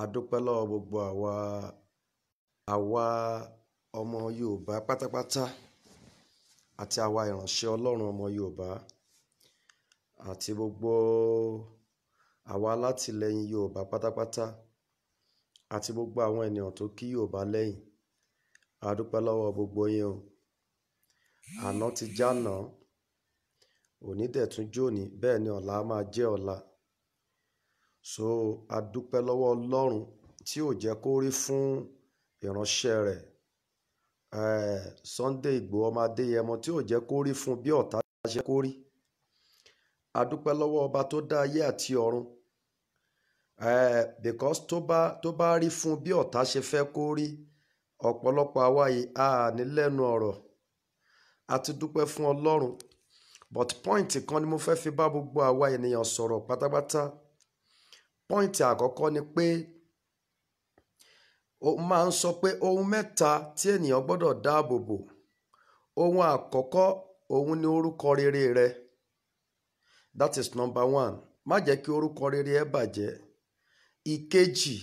a dúpẹ́ lọ́wọ́ gbogbo àwa àwa ọmọ yorùbá pátápátá àti àwa ìránṣẹ́ ọlọ́run ọmọ yorùbá àti gbogbo àwa alátìlẹyìn yorùbá pátápátá àti gbogbo àwọn ènìyàn tó kí yorùbá lẹ́yìn a dúpẹ́ lọ́wọ́ gbogbo yín o àná ti jánà òní dẹ̀ tún jóni bẹ́ẹ̀ ni ọ̀la máa jẹ́ ọ̀la so a dúpẹ́ lọ́wọ́ ọlọ́run tí ò jẹ́ kó rí fún ìránṣẹ́ rẹ̀ eh, Sunday Igboho ọmọ Adéyẹmọ tí ò jẹ́ kó rí fún bí ọ̀tá ṣe kó rí a dúpẹ́ lọ́wọ́ ọba tó dá ayé àti ọ̀run eh, because tó bá tó bá rí fún bí ọ̀tá ṣe fẹ́ kó rí ọ̀pọ̀lọpọ̀ àwa a ní lẹ́nu ọ̀rọ̀ a ti dúpẹ́ fún ọlọ́run but point kan ni mo fẹ́ fi bá gbogbo àwa ènìyàn sọ̀rọ̀ pátápátá pọ́ìntì àkọ́kọ́ ni pé ó máa ń sọ pé ohun mẹ́ta tí ènìyàn gbọ́dọ̀ dáàbò bò ohun àkọ́kọ́ òun ni orúkọ rere rẹ that is number one má jẹ́ kí orúkọ rere ẹ bàjẹ́ ìkejì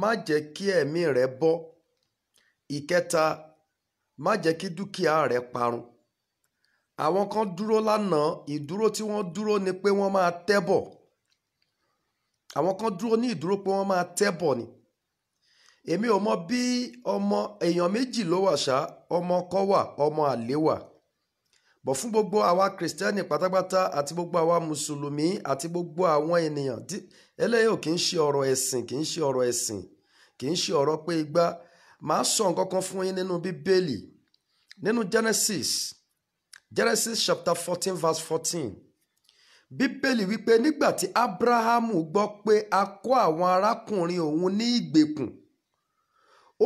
má jẹ́ kí ẹ̀mí rẹ bọ́ ìkẹta má jẹ́ kí dúkìá rẹ parun àwọn kan dúró lánàá ìdúró tí wọ́n dúró ni pé wọ́n máa tẹ́ bọ̀ àwọn kan dúró ní ìdúró pé wọ́n máa tẹ́bọ̀ ni èmi ò mọ bí ọmọ èèyàn méjì ló wà ṣá ọmọ ọkọ wà ọmọ àlè wà bọ̀ fún gbogbo àwa kìrìsìtẹ́nì pátápátá àti gbogbo àwa mùsùlùmí àti gbogbo àwọn ènìyàn eléyìí ò kì í ṣe ọ̀rọ̀ ẹ̀sìn kì í ṣe ọ̀rọ̀ ẹ̀sìn kì í ṣe ọ̀rọ̀ pé igbá màá sọ nǹkan kan fún yín nínú bíbélì nínú Genesis Genesis chapter fourteen verse fourteen bíbélì wípé nígbà tí ábúráhámù gbọ́ pé a kó àwọn arákùnrin òun ní ìgbèkùn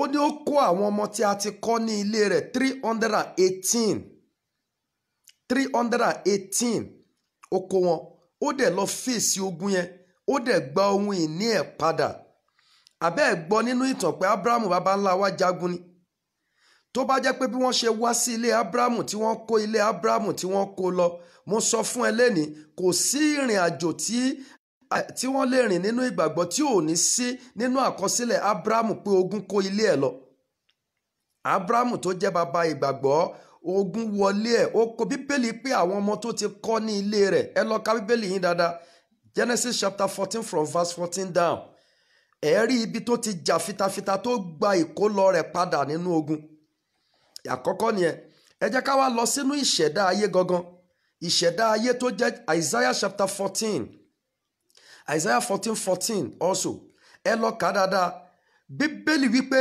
ó ní ó kó àwọn ọmọ tí a ti kọ́ ní ilé rẹ̀ three hundred and eighteen three hundred eighteen ó kó wọn ó dẹ̀ lọ fèsì ogun yẹn ó dẹ̀ gba ohun ìní ẹ̀ padà àbẹ́ẹ̀ gbọ́ nínú ìtàn pé ábúráhámù baba wa jagun ni tó bá jẹ́ pé bí wọ́n ṣe wá sí ilé abrahamu tí wọ́n kó ilé abrahamu tí wọ́n kó lọ mo sọ fún ẹ lẹ́ni kò sí ìrìn àjò tí tí wọ́n lè rìn nínú ìgbàgbọ́ tí ò ní sí nínú àkọsílẹ̀ abrahamu pé ogún kó ilé ẹ̀ lọ abrahamu tó jẹ́ bàbá ìgbàgbọ́ ogún wọlé ẹ̀ ó kó bíbélì pé àwọn ọmọ tó ti kọ́ ní ilé rẹ̀ ẹ lọ ka bíbélì yín dáadáa genesis chapter fourteen from verse fourteen down ẹ rí ibi tó ti jà fitafita tó gba ìkólọ rẹ̀ padà nínú ogún àkọ́kọ́ nìyẹn ẹ jẹ́ ká wá lọ sínú ìṣẹ̀dá ayé gangan ìṣẹ̀dá ayé tó jẹ́ Isaiah chapter fourteen Isaiah fourteen fourteen also ẹ lọ kà dáadáa bíbélì wípé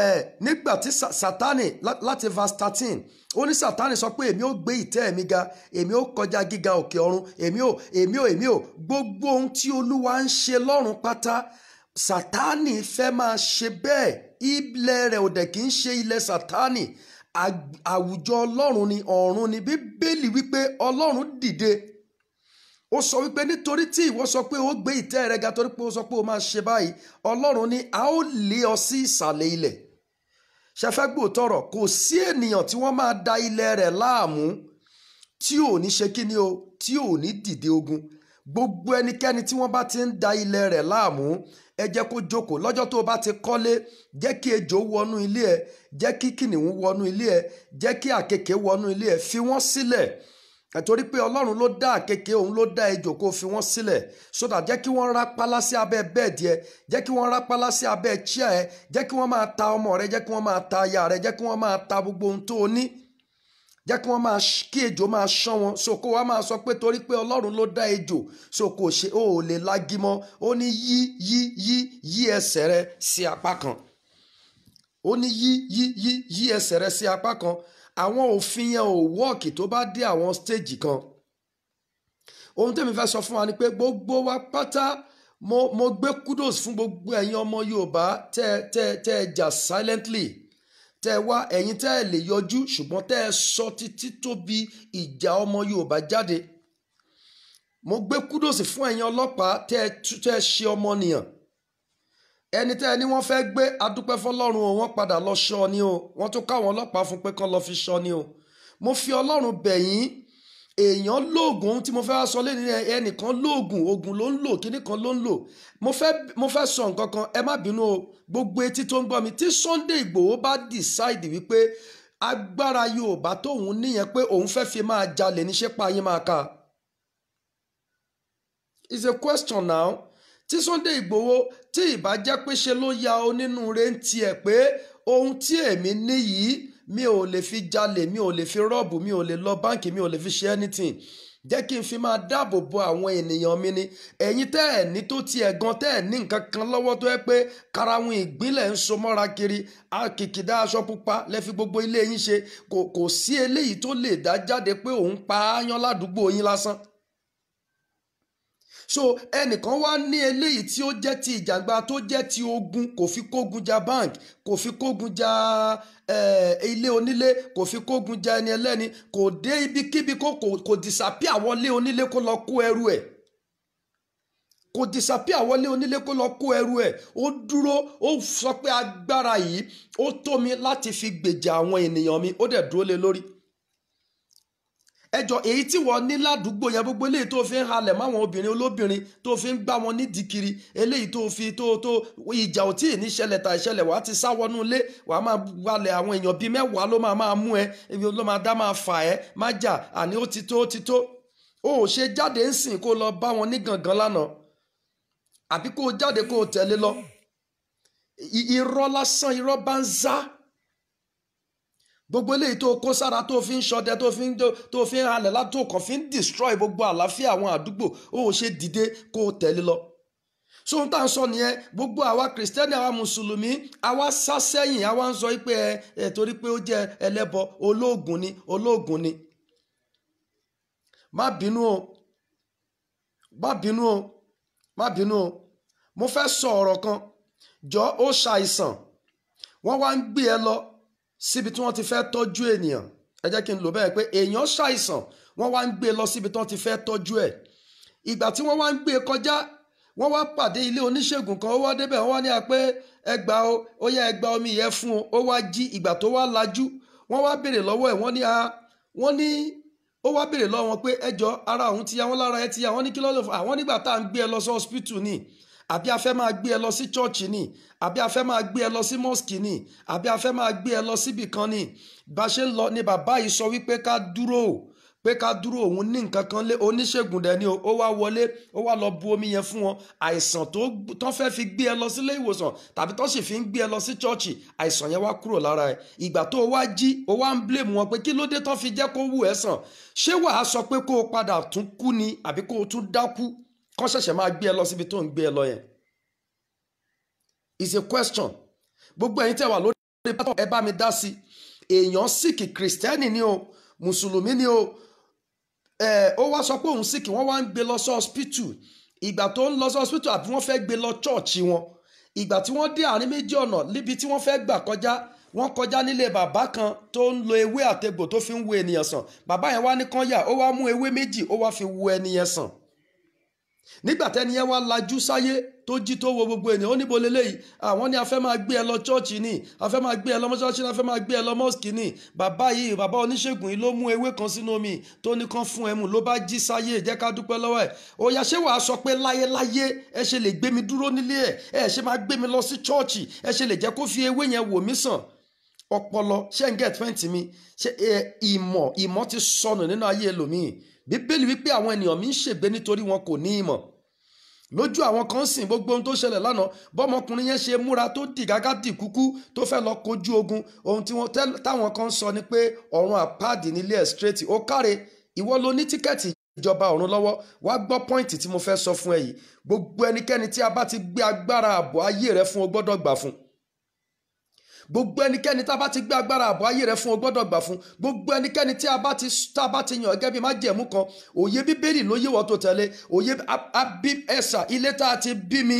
ẹ nígbà tí sátani láti verse thirteen ó ní sátani sọ pé èmi ò gbé ìtẹ́ mi ga èmi ò kọjá gíga òkè ọ̀run èmi ò èmi ò èmi ò gbogbo ohun tí olúwa ń ṣe lọ́run pátá sátánì fẹ́ máa ṣe bẹ́ẹ̀ ilẹ̀ rẹ̀ ò dẹ̀ kì í ṣe ilẹ̀ sátánì àwùjọ ọlọ́run ni ọ̀run ni bíbélì wípé ọlọ́run dìde ó sọ wípé nítorí tí ìwọ sọ pé ó gbé ìtẹ́ rẹ ga torí pé ó sọ pé ó máa ṣe báyìí ọlọ́run ni a ó lé ọ sí ìsàlẹ̀ ilẹ̀ ṣẹfẹ́ gbòòtọ̀rọ̀ kò sí ènìyàn tí wọ́n máa da ilẹ̀ rẹ̀ láàmú tí ò ní ṣe kíni o tí ò ní dìde ogun gbogbo ẹnikẹ́ni tí wọ́n bá ti ń da ilẹ̀ rẹ̀ láàmú ẹ jẹ́ kó jókòó lọ́jọ́ tó o bá ti kọ́lé jẹ́ kí ejò wọnú ilé ẹ jẹ́ kí kìnìún wọnú ilé ẹ jẹ́ kí àkekè wọnú ilé ẹ fi wọ́n sílẹ̀ ẹ̀tọ́rí pé ọlọ́run ló dá àkekè òun ló dá ejò kó fi wọ́n sílẹ̀ sódà jẹ́ kí wọ́n rápálá sí abẹ́ bẹ́ẹ̀dì ẹ jẹ́ kí wọ́n rápálá sí abẹ́ chíà ẹ jẹ́ kí wọ́n máa ta ọmọ rẹ jẹ́ kí wọ́n máa ta aya rẹ jẹ́ kí wọ́n máa ta gbogbo ohun tó o ní jẹ́ kí wọ́n máa kí ejò máa ṣán wọn so kó wa máa sọ pé torí pé ọlọ́run ló dá ejò so kò ṣe ó ò lè lagi mọ́ ó ní yí yí yí yí ẹsẹ̀ rẹ sí apá kan ó ní yí yí yí yí ẹsẹ̀ rẹ sí apá kan àwọn òfin yẹn ò wọ́ọ̀kì tó bá dé àwọn stéèjì kan ohun tẹ́mi fẹ́ sọ fún wa ni pé gbogbo wa pátá mo mo gbé kudos fún gbogbo ẹ̀yin ọmọ Yorùbá tẹ́ tẹ́ tẹ́ jà silently tẹ́ ẹ wá ẹ̀yin tẹ́ ẹ lè yọjú ṣùgbọ́n tẹ́ ẹ sọ títí tóbi ìjà ọmọ Yorùbá jáde mo gbé kúdòsì fún ẹ̀yin ọlọ́pàá tẹ́ ẹ tẹ́ ẹ ṣe ọmọnìyàn ẹni tẹ́ ẹ ní wọ́n fẹ́ gbé adúpẹ́ fọlọ́run o wọ́n padà lọ ṣọ ni o wọ́n tún káwọn ọlọ́pàá fún pé kán lọ fi ṣọ ni o mo fi ọlọ́run bẹ̀ yín èèyàn lóògùn ohun tí mo fẹ́ sọ lẹ́nu ẹnìkan lóògùn oògùn ló ń lò kíní kan ló ń lò mo fẹ́ sọ nǹkan kan ẹ má bínú o gbogbo etí tó ń gbọ́ mi tí Sunday Ìgbòho bá decide wípé agbára Yorùbá tóun níyẹn pé òun fẹ́ fi máa jalè níṣẹ́ pa ayé máa ka is a question now tí Sunday Ìgbòho tí ìbá jẹ́ pé ṣe ló ya onínúure ń tiẹ̀ pé ohun tí èmi níyìí mi ò lè fi jalè mi ò lè fi rọ́ọ̀bù mi ò lè lọ báǹkì mi ò lè fi ṣe anything jẹ́ kí n fi máa dáàbò bo àwọn ènìyàn mi ni ẹ̀yin tẹ́ ẹ̀ ní tó tiẹ̀ gan tẹ́ ẹ̀ ní nǹkan kan lọ́wọ́ tó yẹ pé karahun ìgbínlẹ̀ ń so mọ́ra kiri akìkìdá aṣọ pupa lẹ gbogbo ilé yín ṣe kò sí eléyìí tó lè dá jáde pé òun pa áyán ládùúgbò yín lásán so ẹnìkan wá ní eléyìí tí ó jẹ́ ti ìjàngbá tó jẹ́ ti ogun kò fi kógun ja bank kò fi kógun ja ilé onílé kò fi kógun ja ẹni ẹlẹ́ni kò dé ibikíbi kó kò disapia wọlé onílé kó lọ kó ẹrù ẹ̀ kò disapia wọlé onílé kó lọ kó ẹrù ẹ̀ ó dúró ó sọ pé agbára yìí ó tó mi láti fi gbèjà àwọn ènìyàn mi ó dẹ̀ dúró lé lórí ẹjọ èyí tí wọ́n ní ládùúgbò yẹn gbogbo eléyìí tó fi ń halẹ̀ máwọn obìnrin olóbìnrin tó fi ń gbá wọn nídìí kiri eléyìí tó fi tó tó ìjà ò tí ì ní ṣẹlẹ̀ tà ìṣẹlẹ̀ wàá ti sá wọnú ilé wàá máa walẹ̀ àwọn èèyàn bíi mẹ́wàá ló máa máa mú ẹ ló máa dá máa fà ẹ́ má jà àní ó ti tó ó ti tó ó ṣe jáde ń sìn kó lọ bá wọn ní gangan lánàá àbí kó jáde kó tẹ̀lé lọ irọ́ lásán irọ́ bá ń zá gbogbo eléyìí tó kó sára tó fi ń ṣọdẹ tó fi ń tó fi ń halẹ̀ látò kàn fi ń destroy gbogbo àlàáfíà àwọn àdúgbò ó ṣe dìde kó o tẹ̀lé lọ so n ta n sọ nìyẹn gbogbo àwa kìrìsìtẹ́nì àwa mùsùlùmí àwa sá sẹ́yìn àwa ń sọ pé ẹ ẹ torí pé ó jẹ́ ẹlẹ́bọ olóògùn ni olóògùn ni má bínú o má bínú o má bínú o mo fẹ́ sọ ọ̀rọ̀ kan jọ ó ṣàìsàn wọ́n wá ń gbé ẹ lọ síbi tí wọ́n ti fẹ́ tọ́jú ènìyàn ẹ jẹ́ kí n lò bẹ́ẹ̀ pé èèyàn ṣàìsàn wọ́n wá ń gbé e lọ síbi tí wọ́n ti fẹ́ tọ́jú ẹ̀ ìgbà tí wọ́n wá ń gbé e kọjá wọ́n wá pàdé ilé oníṣègùn kan ó wá débẹ̀ wọ́n wá ní apẹ́ ẹgbàá o ó yá ẹgbàá omi yẹn fún o ó wá jí ìgbà tó wá lajú wọ́n wá béèrè lọ́wọ́ ẹ̀ wọ́n ní a wọ́n ní ó wá béèrè lọ́wọ́ wọn pé ẹjọ́ ara òun ti ya wọ́n lára ẹ ti ya wọ́n ní kí ló àwọn nígbà tá à ń gbé ẹ e lọ sí hospital ni àbí a fẹ́ máa gbé ẹ lọ sí chọ́ọ̀chì ni àbí a fẹ́ máa gbé ẹ lọ sí mọ́sìkì ni àbí a fẹ́ máa gbé ẹ lọ síbì kan ni bá ṣe ń lọ ni bàbá yìí sọ wípé ká dúró pé ká dúró òun ní nǹkan kan lé oníṣègùn dẹ̀ ni ó wá wọlé ó wá lọ bu omi yẹn fún wọn àìsàn tó tán fẹ́ fi gbé ẹ lọ sílé ìwòsàn tàbí tán sì fi ń gbé ẹ lọ sí chọ́ọ̀chì àìsàn yẹn wá kúrò lára ẹ ìgbà tó wá jí o wá ń blame wọn pé kí ló dé tán fi jẹ́ kó wù ẹ́ sàn ṣé wàá sọ pé kó o padà tún kú ni àbí kó o tún dákú kán ṣẹ̀ṣẹ̀ máa gbé ẹ lọ síbi tó ń gbé ẹ lọ yẹn is a question gbogbo ẹ̀yin tẹ́ wà lórí pátọ ẹ bá mi dá sí èèyàn síkì kìrìsìtẹ́nì ni o mùsùlùmí ni o ẹ ó wá sọ pé òun síkì wọ́n wá ń gbé lọ sí hospital ìgbà tó ń lọ sí hospital àbí wọ́n fẹ́ gbé lọ chọ́ọ̀chì wọn ìgbà tí wọ́n dé àárín méjì ọ̀nà níbi tí wọ́n fẹ́ gbà kọjá wọ́n kọjá nílé bàbá kan tó ń lo ewé àtegbò tó fi ń wo ènìyàn sàn bàbá yẹn wá ní kán yà ó wá mú ewé méjì ó wá fi wo ẹni sàn nígbà tẹ́ni ẹ wá lajú sáyé tó jí tó wo gbogbo ènìyàn ó níbo leléyìí àwọn ni a fẹ́ máa gbé ẹ lọ chọ́ọ̀chì ni a fẹ́ máa gbé ẹ lọ mọ́ṣáláṣí ni a fẹ́ máa gbé ẹ lọ mọ́ọ̀sì ni bàbá yìí bàbá oníṣègùn yìí ló mú ewé kan sínú omi tó ní kan fún ẹ mu ló bá jí sáyé jẹ́ ká dúpẹ́ lọ́wọ́ ẹ̀ òyà ṣé wàá sọ pé láyéláyé ẹ ṣe lè gbé mi dúró nílé ẹ ẹ ṣe máa gbé mi lọ sí chọ́ọ̀chì ẹ ṣe lè jẹ́ kó fi ewé yẹn wò mí sàn ọpọlọ ṣé ń gẹ̀ twenty mi ṣe ìmọ̀ ìmọ̀ ti sọnù nínú ayé ẹlòmíì bíbélì wípé àwọn ènìyàn mi ń ṣègbé nítorí wọn kò ní ìmọ̀ lójú àwọn kan sìn gbogbo ohun tó ṣẹlẹ̀ lánàá bọ́mọkùnrin yẹn ṣe múra tó dì gágá dì kúkú tó fẹ́ lọ kojú ogun ohun tí wọ́n táwọn kan sọ ni pé ọ̀run àpáàdì nílé ẹ̀ straight ó káre ìwọ ló ní tíkẹ́ẹ̀tì ìjọba ọ̀run lọ́wọ́ wá gbọ́ pọ́ìntì tí mo fẹ́ sọ fún ẹ yìí gbogbo ẹnikẹ́ni tí a bá ti gbé agbára ààbò ayé rẹ fún o gbọ́dọ̀ gbà fún un gbogbo ẹnikẹ́ni tá a bá ti gbé agbára àbọ̀ ayé rẹ fún o gbọ́dọ̀ gbà fún gbogbo ẹnikẹ́ni tí a bá ti tá a bá ti yàn gẹ́gẹ́ bí májẹ̀mú kan òye bíbélì ló yé wọ́n tó tẹ̀lé òye ẹ̀sà ilé tá a ti bí mi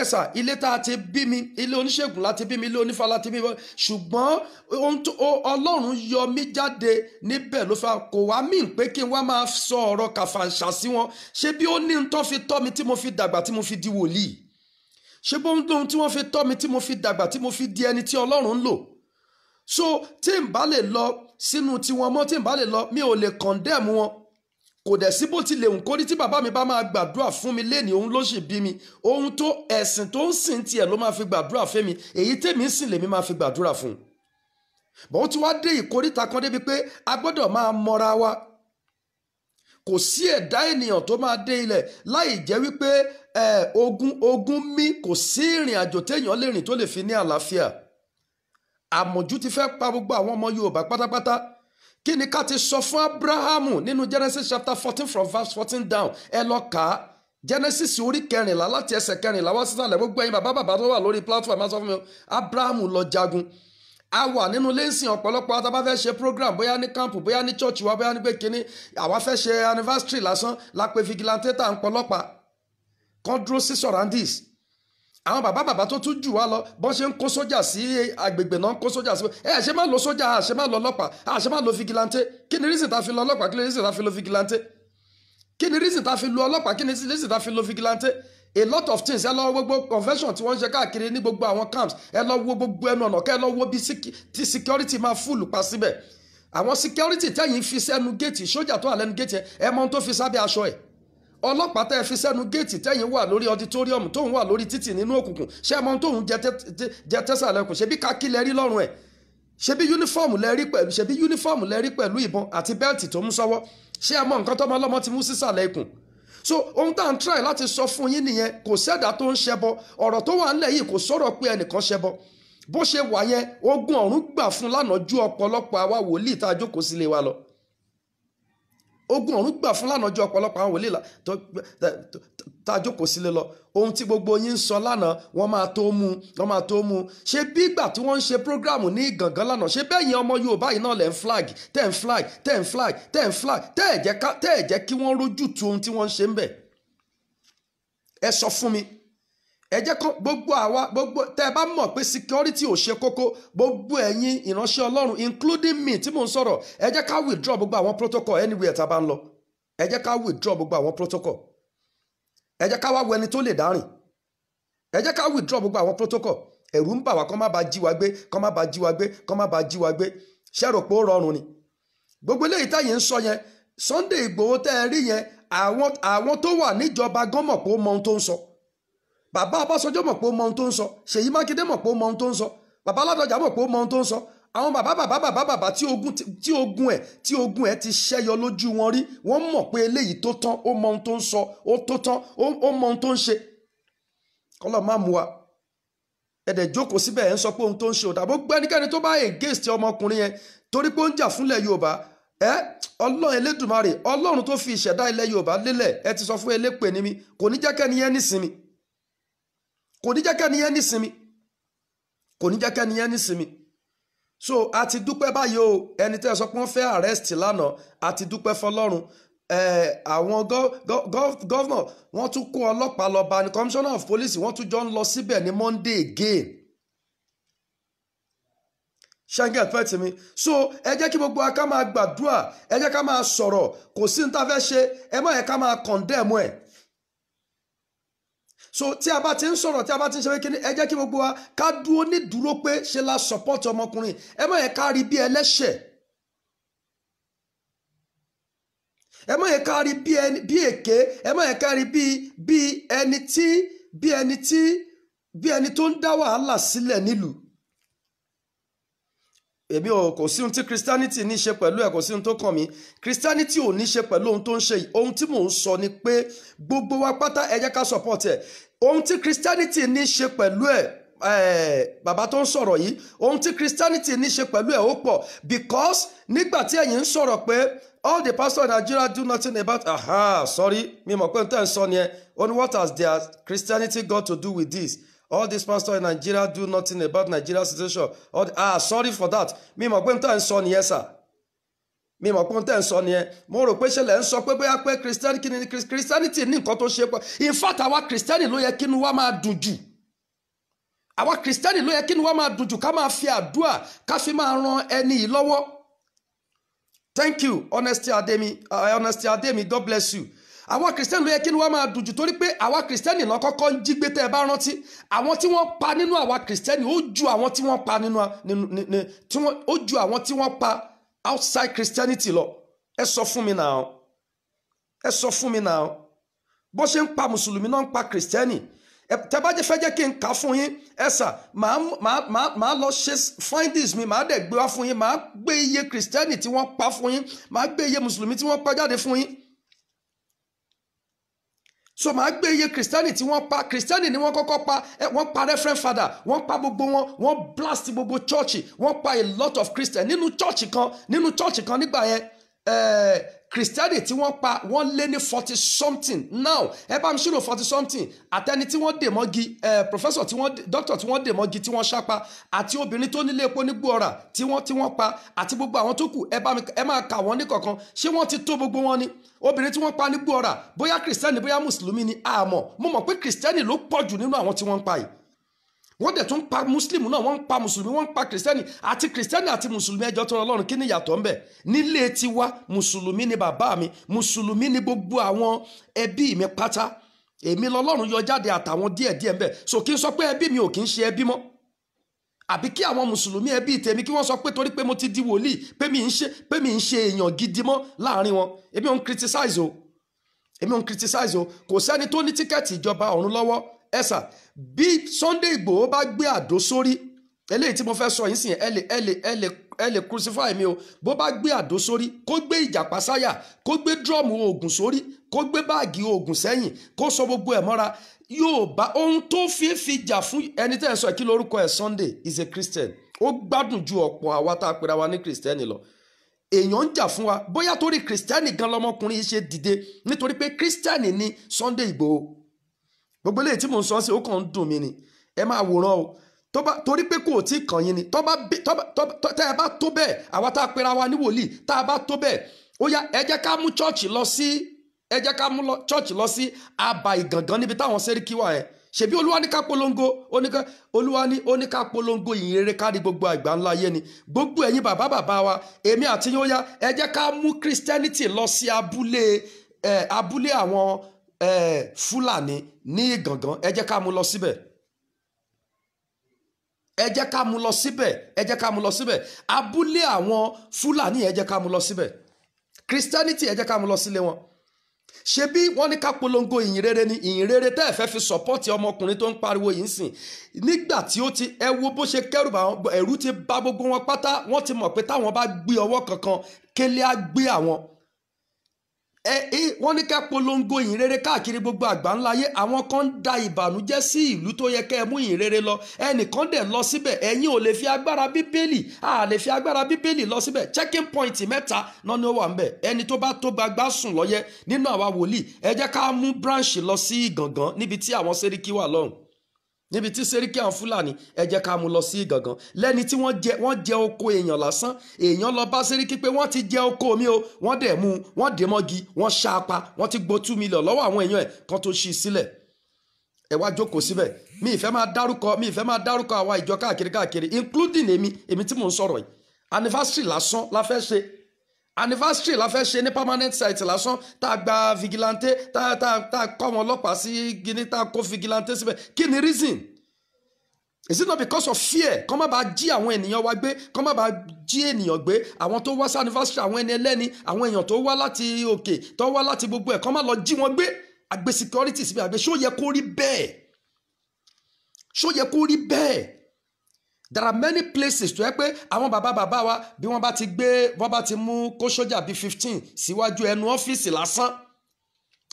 ẹ̀sà ilé tá a ti bí mi ilé oníṣègùn láti bí mi ilé onífà láti bí mi ṣùgbọ́n ọlọ́run yọ mí jáde níbẹ̀ ló fà kò wá mí pé kí n wá máa sọ ọ̀rọ̀ kàfàǹṣà sí wọn ṣé bí ó ní ń tọ́ fi tọ́ mi tí mo fi dàgbà tí mo fi di wòlíì ṣé bóun lóhun tí wọ́n fi tọ́ mi tí mo fi dàgbà tí mo fi di ẹni tí ọlọ́run ń lò so tí n bá lè lọ sínú tiwọn mọ́ tí n bá lè lọ mi ò lè condemn wọn kò dẹ̀ sí bó ti lè hùn kórí tí bàbá mi bá máa gbàdúrà fún mi léni òun ló sì bí mi ohun tó ẹ̀sìn tó ń sìn tiẹ̀ ló máa fi gbàdúrà fún mi èyí tèmi ń sìn lèmi máa fi gbàdúrà fún un bọ́n tí wàá dé ìkóríta kan débi pé a gbọ́dọ̀ máa mọra wa kò sí ẹ̀dá ènìyàn tó máa dé ilẹ̀ láì jẹ́ wípé ogun ogun mí kò sí ìrìn àjò téèyàn lè rìn tó lè fi ní àlàáfíà àmọ̀jù ti fẹ́ pa gbogbo àwọn ọmọ Yorùbá pátápátá kí ni ká ti sọ fún Abrahamu nínú Genesis chapter fourteen from verse fourteen down ẹ lọ kà á Genesis orí kẹrìnlá láti ẹsẹ̀ kẹrìnlá wá sísàlẹ̀ gbogbo ẹ̀yin bàbá bàbá tó wà lórí platform ẹ Abrahamu lọ jagun a wà nínú lẹ́sìn ọ̀pọ̀lọpọ̀ àtàbá fẹ́ ṣe program bóyá ní camp bóyá ní church wa bóyá ní pé kínní àwa fẹ́ ṣe anniversary lásán la vigilante tá à ń pọlọ́pàá kan dúró sí surroundings àwọn bàbá bàbá tó tún jù wá lọ bọ́n ṣe ń kó sójà sí agbègbè náà ń kó sójà sí ẹ àṣẹ má lo sójà àṣẹ má lo ọlọ́pàá àṣẹ má lo vigilante kí ni reason ta fi lo ọlọ́pàá kí ni reason ta fi lo vigilante kí ni reason ta fi lo ọlọ́pàá kí ni reason ta fi lo vigilante a lot of things ẹ lọ wo gbogbo convention tí wọ́n ń ṣe káàkiri ní gbogbo àwọn camps ẹ lọ wo gbogbo ẹnu ọ̀nà kẹ́ ẹ lọ wo bí security máa fúlù pa síbẹ̀ àwọn security tẹ́yìn fi sẹ́nu géètì sójà tó wà lẹ́nu géètì ẹ mọ ohun tó fi sábẹ́ aṣọ ẹ̀ ọlọ́pàá tẹ́ fi sẹ́nu géètì tẹ́yìn wà lórí auditorium tóun wà lórí títì nínú òkùnkùn ṣé ẹ mọ ohun tóun jẹ tẹ́sàlẹ́kùn ṣebí kakí lẹ rí lọ́rùn ẹ̀ ṣebí uniform lẹ rí pẹ̀lú ṣebí yunifọ́ọ̀mù lẹ rí pẹ̀lú ìbọn àti bẹ́ẹ̀tì tó mú sọ́wọ́ ṣé ẹ mọ nǹkan tọ́mọ ọlọ́mọ ti mú sísàlẹ̀ ikùn so ohun tá à ń try láti sọ fún yín nìyẹn kò sẹ́dá tó ń ṣẹbọ ọ̀rọ̀ tó wà ńlẹ̀ yìí kò sọ̀rọ̀ pé ẹnìkan ṣẹbọ bó ṣe wà yẹn ogun ọ̀run gbà fún lánàá ju ọ̀pọ̀lọpọ̀ àwa wòlíì tá a jókòó sílé wa lọ ogun ọ̀run gbà fún lánàá ọjọ́ ọ̀pọ̀lọpọ̀ àwọn wòlíì tá a jókòó sílé lọ ohun tí gbogbo yín ń sọ lánàá wọ́n máa tó mú wọ́n máa tó mú ṣé bí ìgbà tí wọ́n ń ṣe prógráàmù ní gàngán lánàá ṣé bẹ́ẹ̀ yẹn ọmọ Yorùbá yìí náà lẹ̀ ń flag tẹ̀ ń flag tẹ̀ ń flag tẹ̀ ń flag tẹ̀ ẹ̀ jẹ́ kí wọ́n rójú tu ohun tí wọ́n ń ṣe ń bẹ̀ ẹ sọ fún mi ẹ jẹ́ kán gbogbo àwa gbogbo tẹ́ ẹ bá mọ̀ pé security ò ṣe kókó gbogbo ẹ̀yin ìránṣẹ́ ọlọ́run including me tí mò ń sọ̀rọ̀ ẹ jẹ́ ká withdraw gbogbo àwọn protocol anywhere tá a bá ń lọ ẹ jẹ́ ká withdraw gbogbo àwọn protocol ẹ jẹ́ ká wá wẹni tó lè dárìn ẹ jẹ́ ká withdraw gbogbo àwọn protocol ẹ̀rù ń bà wá kán má ba jí wa gbé kán má ba jí wa gbé kán má ba jí wa gbé ṣẹ́rò pé ó rọrùn ni gbogbo eléyìí táyé ń sọ yẹn Sunday Ìgbòho tẹ́ ẹ rí yẹn àwọn tó wà níjọba gánmọ̀ pé ó mọ ohun tó ń sọ so bàbá Ọbásanjọ́ mọ̀ pé ó mọ ohun tó ń sọ Ṣèyí Mákindé mọ̀ pé ó mọ ohun tó ń sọ bàbá Ládọjà mọ̀ pé ó mọ ohun tó ń sọ àwọn bàbá bàbá bàbá bàbá tí ogun tí ogun ẹ tí ogun ẹ ti ṣẹyọ lójú wọn rí wọ́n mọ̀ pé eléyìí tó tán ó mọ ohun tó ń sọ ó tó tán ó mọ ohun tó ń ṣe kọlọ má mu wa ẹdẹ jókòó síbẹ̀ ẹ̀ ń sọ pé ohun tó ń ṣe ò dàbó gbẹ́nikẹ́ni tó bá kò ní jẹ́ kẹ́niyẹn nísinmi kò ní jẹ́ kẹ́niyẹn nísinmi so a ti dúpẹ́ báyìí o ẹni tẹ́ ẹ sọ pé wọ́n fẹ́ arrest lánàá a ti dúpẹ́ fọlọ́run àwọn gọ́vnà wọ́n tún kó ọlọ́pàá lọ bá ní commissioner of police wọ́n tún jọ ń lọ síbẹ̀ ní monday again ṣẹ́ńgẹ̀ pẹ́ tì mí so ẹ jẹ́ kí gbogbo aká máa gbàdúrà ẹ jẹ́ ká máa sọ̀rọ̀ kò sí ní ta fẹ́ ṣe ẹ má yẹ ká máa condemn ẹ̀ so tí a bá ti ń sọ̀rọ̀ tí a bá ti ń ṣe pé kíní ẹ jẹ́ kí gbogbo wa ká dúró ní dúró pé ṣe la support ọmọkùnrin ẹ má yẹ ká rí bí ẹlẹ́ṣẹ̀ ẹ má yẹ ká rí bí èké ẹ má yẹ ká rí bí ẹni tí bí ẹni tí bí ẹni tó ń dá wàhálà sílẹ̀ nílùú èmi ò kò sí ohun tí christianity ní í ṣe pẹ̀lú ẹ̀ kò sí ohun tó kàn mí christianity ò ní í ṣe pẹ̀lú ohun tó ń ṣe ohun tí mò ń sọ ni pé gbogbo wa pátá ẹ jẹ́ ká support ẹ̀ ohun tí christianity ní í ṣe pẹ̀lú ẹ̀ eh, bàbá tó ń sọ̀rọ̀ yìí ohun tí christianity ní í ṣe pẹ̀lú ẹ̀ ó pọ̀ because nígbà tí ẹ̀yin ń sọ̀rọ̀ pé all the pastors in Nigeria do nothing about aha sorry mi mọ̀ pé n tẹ́ ń sọ ni ẹ only what has their christianity got to do with this all these pastors in Nigeria do nothing about Nigeria's situation all the, ah sorry for that Me mọ̀ pé n tẹ́ ń sọ nìyẹn sà mi mọ̀ pé n tẹ́ ń sọ nìyẹn mo rò pé ṣẹlẹ̀ ń sọ pé bóyá pé christianity ní nǹkan tó ṣe pọ̀ in fact àwa christianity ló yẹ kí inú wa máa dùn jù àwa kìrìsìtẹ́nì ló yẹ kí inú wa máa dùn jù ká fi àdúrà ká fi máa ran ẹni yìí thank you honesty ademi uh, honesty ademi god bless you àwọn kìrìsìtẹ́nì ló yẹ kí ni wọ́n máa dùjú torí pé àwa kìrìsìtẹ́nì náà kọ́kọ́ ń jí gbé tẹ́ ẹ bá rántí àwọn tí wọ́n pa nínú àwa kìrìsìtẹ́nì ó ju àwọn tí wọ́n pa nínú ó ju àwọn tí wọ́n pa outside Christianity lọ ẹ sọ fún mi náà ẹ sọ fún mi náà bó ṣe ń pa mùsùlùmí náà ń pa kìrìsìtẹ́nì tẹ bá jẹ́ fẹ́ jẹ́ kí n kà á fún yín ẹ sà màá lọ ṣe findings mi màá dẹ̀ gbé wá fún yín màá gbé iye kìrìsìtẹ́nì tí wọ́n pa fún yín màá gbé iye mùsùlùmí tí wọ́n pa jáde fún yín so màá gbé iye kristẹni tí wọ́n pa kristẹni ni wọ́n kọ́kọ́ pa eh, pa referent father wọ́n pa gbogbo wọn wọ́n blast gbogbo chọ́ọ̀chì wọ́n pa a lot of christian nínú chọ́ọ̀chì kan nínú chọ́ọ̀chì kan nígbà yẹn eh, Christianity tí wọ́n pa wọ́n lé ní forty something now ẹ bá mi ṣírò forty something àtẹni tí wọ́n dè mọ́gi ẹ professor tí wọ́n doctor tí wọ́n dè mọ́gi tí wọ́n ṣápa àti obìnrin tó nílé epo nígbó ọ̀rà tí wọ́n tí wọ́n pa àti gbogbo àwọn tó kù ẹ bá mi ẹ máa kà wọ́n ní kọ̀ọ̀kan ṣé wọ́n ti tó gbogbo wọn ni obìnrin tí wọ́n pa nígbó ọ̀rà bóyá kìrìsìtẹ́nì bóyá mùsùlùmí ni àmọ́ mo mọ̀ pé kìrìsìtẹ́nì ló pọ̀ jù nínú àwọn tí wọ́n pa yìí wọ́n dẹ̀ tún pa muslim náà wọ́n ń pa mùsùlùmí wọ́n ń pa kìrìsìtẹ́nì àti kìrìsìtẹ́nì àti mùsùlùmí ẹjọ́ tó ọlọ́run kí ni ìyàtọ̀ ńbẹ nílé tiwa mùsùlùmí ni bàbá mi mùsùlùmí ni gbogbo àwọn ẹbí mi pátá èmi lọ́lọ́run yọ jáde àtàwọn díẹ̀díẹ̀ ńbẹ so kí n sọ pé ẹbí mi ò kí ń ṣe ẹbí mọ́ àbí kí àwọn mùsùlùmí ẹbí tèmi kí wọ́n sọ pé torí pé mo ti di wòlíì pé mi ń ṣe èèyàn criticize o èmi ò criticize o kò sẹ́ni tó ní tíkẹ́ẹ̀tì ìjọba ọ̀run lọ́wọ́ ẹ̀sà bí Sunday Igboho bá gbé àdó sórí eléyìí tí mo fẹ́ sọ yìí sìn ẹ lè ẹ lè ẹ lè ẹ lè crucify mi o bó bá gbé àdó sórí kó gbé ìjàpá sáyà kó gbé drọ́ọ̀mù oògùn sórí kó gbé báàgì oògùn sẹ́yìn kó sọ gbogbo ẹ̀ mọ́ra yóò bá ohun tó fi fi jà fún ẹni tẹ́ ẹ sọ kí lórúkọ ẹ̀ Sunday is a Christian ó gbádùn ju ọ̀pọ̀ àwa tá a pera wa ní Kristẹni lọ èèyàn ń jà fún wa bóyá torí Kristẹni gan lọmọkùnrin ṣe dìde nítorí pé Kristẹni ni Sunday Igboho gbogbo eléyìí tí mò ń sọ sí ó kàn ń dùn mí ni ẹ máa wòran o torí pé kò tí kàn yín ni tá a bá tó bẹ́ẹ̀ àwa tá a pera wa ní wòlíì tá a bá tó bẹ́ẹ̀ ó yá ẹ jẹ́ ká mú chọ́ọ̀chì lọ sí ẹ jẹ́ ká mú chọ́ọ̀chì lọ sí àbà ìgàngán níbi táwọn sẹ́ríkì wà ẹ̀ ṣebí olúwa ní ká polongo olúwa ní ó ní ká polongo ìyìn kárí gbogbo àgbà ńlá ayé ni gbogbo ẹ̀yin bàbá bàbá wa èmi àti ẹ jẹ́ ká mú christianity lọ sí abúlé abúlé àwọn fúlàní ní ìgàngán ẹ jẹ́ ká mú lọ síbẹ̀ ẹ jẹ́ ká mú lọ síbẹ̀ ẹ jẹ́ ká mú lọ síbẹ̀ abúlé àwọn fúlàní ẹ jẹ́ ká mú lọ síbẹ̀ christianity ẹ jẹ́ ká mú lọ sílé wọn ṣebí wọ́n ní ká polongo ìyìn rere ni ìyìn rere tẹ́ ẹ fẹ́ fi sọ́pọ́ọ̀tì ọmọkùnrin tó ń pariwo yìí ń sìn nígbà tí ó ti ẹ wo bó ṣe kẹ́rù bá ẹ̀rù ti bà gbogbo wọn pátá wọ́n ti mọ̀ pé táwọn bá gbé ọwọ́ kankan kélé á gbé àwọn ẹ ẹ wọ́n ní kẹ́ polongo ìyìn rere káàkiri gbogbo àgbáńlá ayé àwọn kan ń da ìbànújẹ́ sí ìlú tó yẹ kẹ́ ẹ mú ìyìn rere lọ ẹnìkan dẹ̀ lọ síbẹ̀ ẹ̀yin ò lè fi agbára bíbélì a lè fi agbára bíbélì lọ síbẹ̀ checking point mẹ́ta náà ni ó wà ńbẹ̀ ẹni tó bá tó gbagbá sùn lọ́yẹ nínú àwa wòlíì ẹ jẹ́ ká mú branch lọ sí Ìgàngán níbi tí àwọn sẹ́ríkì wà lọ́hùn níbi tí sẹ́ríkì àwọn fúlàní ẹ jẹ́ ká mú lọ sí gangan lẹ́ni tí wọ́n jẹ wọ́n jẹ oko èèyàn lásán èèyàn lọ bá sẹ́ríkì pé wọ́n ti jẹ oko mi o wọ́n dẹ̀ mú wọ́n dè mọ́gi wọ́n ṣá apá wọ́n ti gbó two million lọ́wọ́ àwọn èèyàn ẹ̀ kan tó ṣí sílẹ̀ ẹ jókòó síbẹ̀ mi ìfẹ́ máa dárúkọ mi ìfẹ́ máa dárúkọ àwa ìjọ káàkiri káàkiri including èmi èmi tí mò ń sọ̀rọ̀ yìí anniversary lásán la fẹ́ ṣe anniversary la fẹ́ ṣe ní permanent site lásán tá a gba vigilante tá a tá a tá a kọ́ àwọn ọlọ́pàá sí gini tá a kó vigilante síbẹ̀ kí ni reason is it not because of fear kọ́ má bàa jí àwọn ènìyàn wa gbé kọ́ má bàa jí ènìyàn gbé àwọn tó wá sí anniversary àwọn ẹni ẹlẹ́ni àwọn èèyàn tó wá láti òkè tó wá láti gbogbo ẹ̀ kọ́ má lọ jí wọn gbé àgbẹ̀ security síbẹ̀ àgbẹ̀ ṣó yẹ kó rí bẹ́ẹ̀ ṣó yẹ kó rí bẹ́ẹ̀ there are many places tó yẹ pé àwọn bàbá bàbá wa bí wọ́n bá ti gbé wọ́n bá ti mú kó sójà bíi fifteen síwájú ẹnu ọ́fíìsì lásán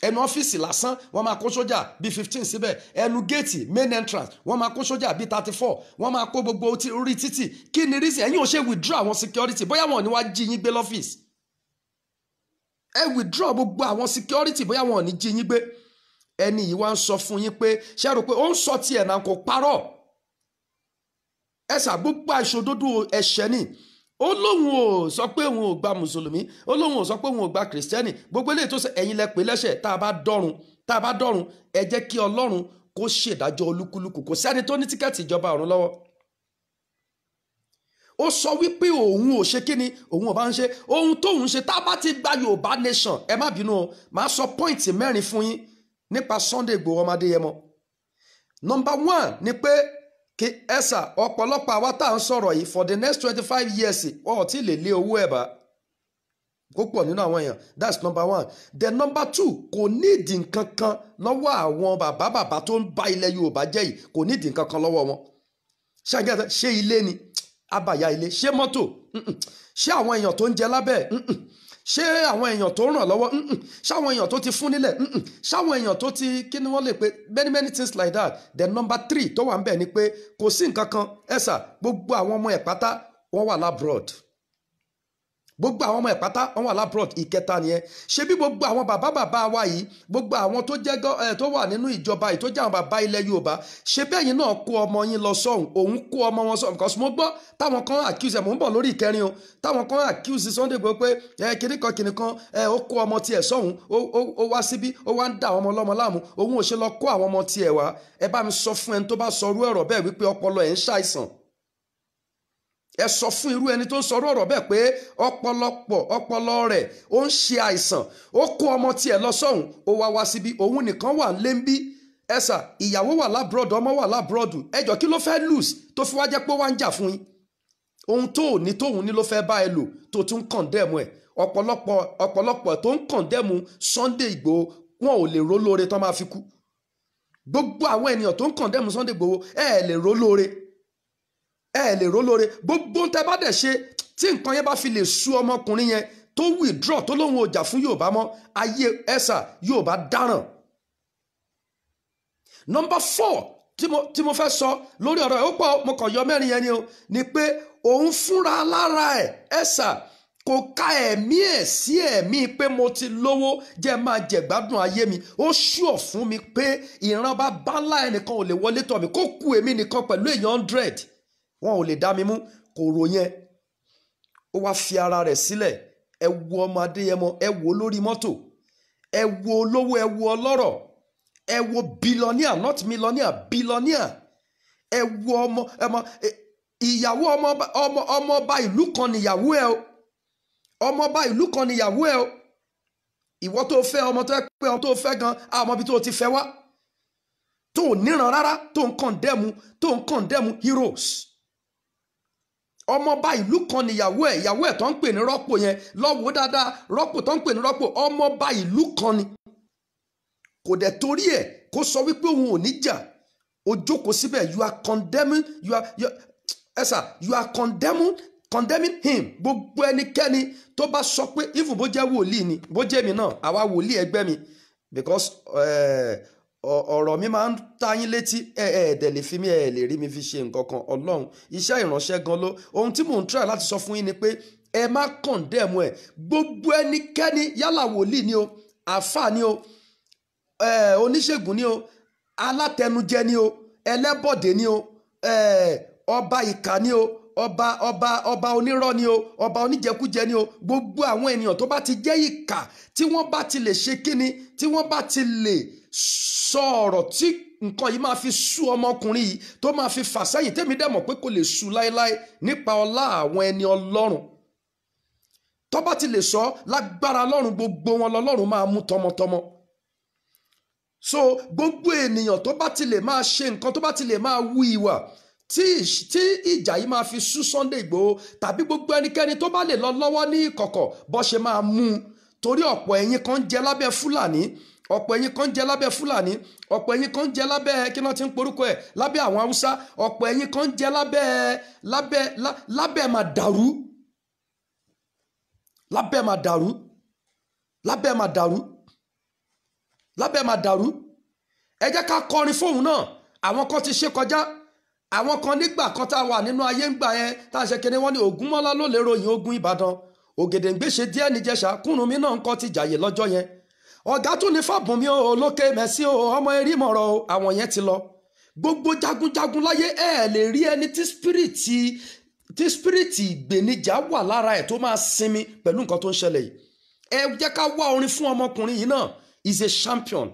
ẹnu ọ́fíìsì lásán wọ́n máa kó sójà bíi fifteen síbẹ̀ ẹnu géètì main entrance wọ́n máa kó sójà bíi thirty four wọ́n máa kó gbogbo orí títì kí ni reason ẹ̀yin ò ṣe withdraw àwọn security bóyá wọn ò ní wá jí yín gbé lọ́fíìsì ẹ withdraw gbogbo àwọn security bóyá wọn ò ní jí yín gbé ẹni yìí wá ń sọ fún yín pé ṣé ẹ rò pé ó ń sọ tiẹ̀ náà kò parọ́ ẹ̀sà gbogbo àìṣòdodo ẹ̀ṣẹ̀ ni ó lóun ò sọ pé òun ò gba mùsùlùmí ó lóun ò sọ pé òun ò gba kìrìsìtẹ́nì gbogbo eléyìí tó ṣe ẹ̀yin lẹ pè lẹ́ṣẹ̀ tá a bá dọ́run tá a bá dọ́run ẹ jẹ́ kí ọlọ́run kó ṣèdájọ́ olúkúlùkù kò sẹ́ni tó ní tíkẹ́ẹ̀tì ìjọba ọ̀run lọ́wọ́ ó sọ wípé òun ò ṣe kíni òun ò bá ń ṣe ohun tóun ṣe tá a bá ti gba yorùbá nation ẹ má bínú o màá sọ pọ́ìntì mẹ́rin fún yín nípa Sunday Igboho ọmọdé yẹn mọ́ nọmba one ni pé kí ẹ̀sà ọ̀pọ̀lọpọ̀ àwa tá à ń sọ̀rọ̀ yìí for the next twenty five years wọn ò tí ì lè lé owó ẹ̀ bá púpọ̀ nínú àwọn èèyàn that's number one then number two kò nídìí nǹkan kan lọ́wọ́ àwọn bàbá bàbá tó ń bá ilẹ̀ Yorùbá jẹ́ yìí kò nídìí nǹkan kan lọ́wọ́ wọn ṣàgẹ́ta ṣé ilé ni abàyà ilé ṣé mọ́tò ṣé àwọn èèyàn tó ń jẹ lábẹ́ ṣé àwọn èèyàn tó ràn lọ́wọ́ ṣáwọn èèyàn tó ti fún nílẹ̀ ṣáwọn èèyàn tó ti kí ni wọ́n lè pe many many things like that then number three tó wà ń bẹ̀ ni pé kò sí nǹkan kan ẹ̀sà gbogbo àwọn ọmọ ẹ̀ pátá wọ́n wà labroad gbogbo àwọn ọmọ ẹ̀ pátá wọn wà lábrọ̀d ìkẹta nìyẹn ṣé bí gbogbo àwọn bàbá bàbá wa yìí gbogbo àwọn tó jẹ́ tó wà nínú ìjọba yìí tó jẹ́ àwọn bàbá ilẹ̀ Yorùbá ṣé bẹ́yìn náà kó ọmọ yín lọ sọ́hùn òun kó ọmọ wọn sọ́hùn kọ́sùn mo gbọ́ táwọn kan accuse ẹ̀ mò ń bọ̀ lórí ìkẹrin o táwọn kan accuse Sunday Igboho pé ẹ kìnnìkan kìnnìkan ẹ ó kó ọmọ tiẹ̀ sọ́hùn ó wá síbí ó wá ń dà àwọn ọmọ láàmú òun ò ṣe lọ kó àwọn ọmọ tiẹ̀ wá ẹ bá mi sọ fún ẹni tó bá sọ irú ọ̀rọ̀ bẹ́ẹ̀ wípé ọpọlọ ẹ̀ ń ṣàìsàn ẹ sọ fún irú ẹni tó ń sọrú ọ̀rọ̀ bẹ́ẹ̀ pé ọ̀pọ̀lọpọ̀ ọpọlọ rẹ̀ ó ń ṣe àìsàn ó kó ọmọ tiẹ̀ lọ sọ́hùn ó wá wá síbi òun nìkan wà lé ń bí ẹ̀sà ìyàwó wà lábúrọ̀dù ọmọ wà lábúrọ̀dù ẹjọ́ kí ló fẹ́ lùs tó fi wá jẹ́ pé ó wá ń jà fún yín ohun tó ò ní tóun ní ló fẹ́ bá ẹ lò tó tún kọ̀ǹdẹ̀mù ẹ̀ ọ̀pọ̀lọpọ̀ ọ̀pọ̀lọpọ̀ tó ń kọ̀ǹdẹ̀mù Sunday Igboho wọn ò lè rólóore tán máa fi kú gbogbo àwọn ènìyàn tó ń kọ̀ǹdẹ̀mù Sunday Igboho ẹ ẹ lè rólóore ẹ lè rólóore gbogbo tẹ bá dẹ̀ ṣe tí nǹkan yẹn bá fi lè sú ọmọkùnrin yẹn tó withdraw tó lóun ò jà fún Yorùbá mọ́ ayé ẹ̀sà Yorùbá dáràn. nọmba four tí mo fẹ́ sọ lórí ọ̀rọ̀ ẹ̀ ó pọ̀ mo kàn yọ mẹ́rin yẹn ni o ni pé òun fúnra lára ẹ̀ ẹ̀sà kò ka ẹ̀mí ẹ̀ sí ẹ̀mí pé mo ti lówó jẹ́ máa jẹ̀gbádùn ayé mi ó ṣùọ̀ fún mi pé ìran bá bá ńlá ẹnìkan ò lè wọlé tọ̀ mí kó ku èmi nìkan pẹ̀lú èèyàn hundred wọn ò lè dá mi mú kò rò yẹn ó wá fi ara rẹ̀ sílẹ̀ ẹ wo ọmọ adéyẹmọ ẹ wo lórí mọ́tò ẹ wo olówó ẹ wo ọlọ́rọ̀ ẹ wo billionaire not millionaire billionaire ẹ wo ọmọ ọmọ ìyàwó ọmọ ọmọọba ìlú kan níyàwó ẹ o ọmọọba ìlú kan níyàwó ẹ o ìwọ tó fẹ́ ọmọ tó pé ọmọ tó fẹ́ gan àmọ́ bí tó ti fẹ́ wá tó níran rárá tó ń kàn dẹ́mu tó ń kàn dẹ́mu heroes ọmọọba ìlú kan níyàwó ẹ̀ ìyàwó ẹ̀ tó ń pè ní rọ́pò yẹn lọ́wọ́ dáadáa rọ́pò tó ń pè ní rọ́pò ọmọọba ìlú kan ni kò dẹ̀ torí ẹ̀ kó sọ wípé òun ò ní jà ó jókòó síbẹ̀ you are condemning you are you, ẹ̀sà you are condemning condemning him gbogbo ẹnikẹ́ni tó bá sọ pé even bó jẹ́ wòlíì ni bó jẹ́ mi náà àwa wòlíì ẹgbẹ́ mi because. Uh, ọ̀rọ̀ mi máa ń tayín létí ẹ ẹ dẹ̀ lè fi mí ẹ lè rí mi fi ṣe nǹkan kan ọlọ́run iṣẹ́ ìránṣẹ́ gan ló ohun tí mò ń try láti sọ fún yín ni pé ẹ má kọ̀ǹdẹ̀mù ẹ gbogbo ẹnikẹ́ni yálà wòlíì ni o àáfà ni o ẹ oníṣègùn ni o alátẹnujẹ ni o ẹlẹ́bọ̀dé ni o ẹ ọba ìkà ni o ọba ọba ọba onírọ́ ni o ọba oníjẹkújẹ ni o gbogbo àwọn ènìyàn tó bá ti jẹ́ ìkà tí wọ́n bá ti lè ṣe kíni tí wọ́n bá ti lè sọ ọ̀rọ̀ tí nǹkan yìí máa fi sú ọmọkùnrin yìí tó máa fi fà sẹ́yìn tẹ́mi dẹ̀ mọ̀ pé kò lè sú láéláé nípa ọlá àwọn ẹni ọlọ́run tó bá ti lè sọ lágbára ọlọ́run gbogbo wọn lọ́lọ́run máa mú tọmọtọmọ so gbogbo ènìyàn tó bá ti lè máa ṣe nǹkan tó bá ti lè máa wu ìwà tí ìjà yìí máa fi sú Sunday Igboho tàbí gbogbo ẹnikẹ́ni tó bá lè lọ lọ́wọ́ ní ìkọ̀kọ̀ bó ṣe máa mú un torí ọ̀pọ̀ ẹ̀yin kan jẹ lábẹ́ Fúlàní ọ̀pọ̀ ẹ̀yin kan jẹ́ lábẹ́ fúlàní ọ̀pọ̀ ẹ̀yin kan jẹ́ lábẹ́ kí wọ́n ti ń porúkọ ẹ̀ lábẹ́ àwọn haúsá ọ̀pọ̀ ẹ̀yin kan jẹ́ lábẹ́ lábẹ́ lábẹ́ mà dàrú lábẹ́ mà dàrú lábẹ́ mà dàrú lábẹ́ mà dàrú ẹ jẹ́ ká kọrin fóun náà àwọn kan ti ṣe kọjá àwọn kan nígbà kan tá a wà nínú ayé ń gbà yẹn tá a ṣe kinní wọn ní Ògúnmọ́lá ló lè ròyìn ogun Ìbàdàn Ògèdèǹgbé ṣe díẹ̀ níjẹ̀ṣà Kúrúnmí náà ń kọ́ ti jàyè lọ́jọ́ yẹn ọ̀gá tún ní Fábùnmi olókè mẹ́sì o ọmọ erí mọ̀rọ̀ o àwọn yẹn ti lọ gbogbo jagunjagun láyé ẹ̀ lè rí ẹni tí spiriti tí spiriti ìgbènijà wà lára ẹ̀ tó máa sinmi pẹ̀lú nǹkan tó ń ṣẹlẹ̀ yìí ẹ jẹ́ ká wá orin fún ọmọkùnrin yìí náà is a champion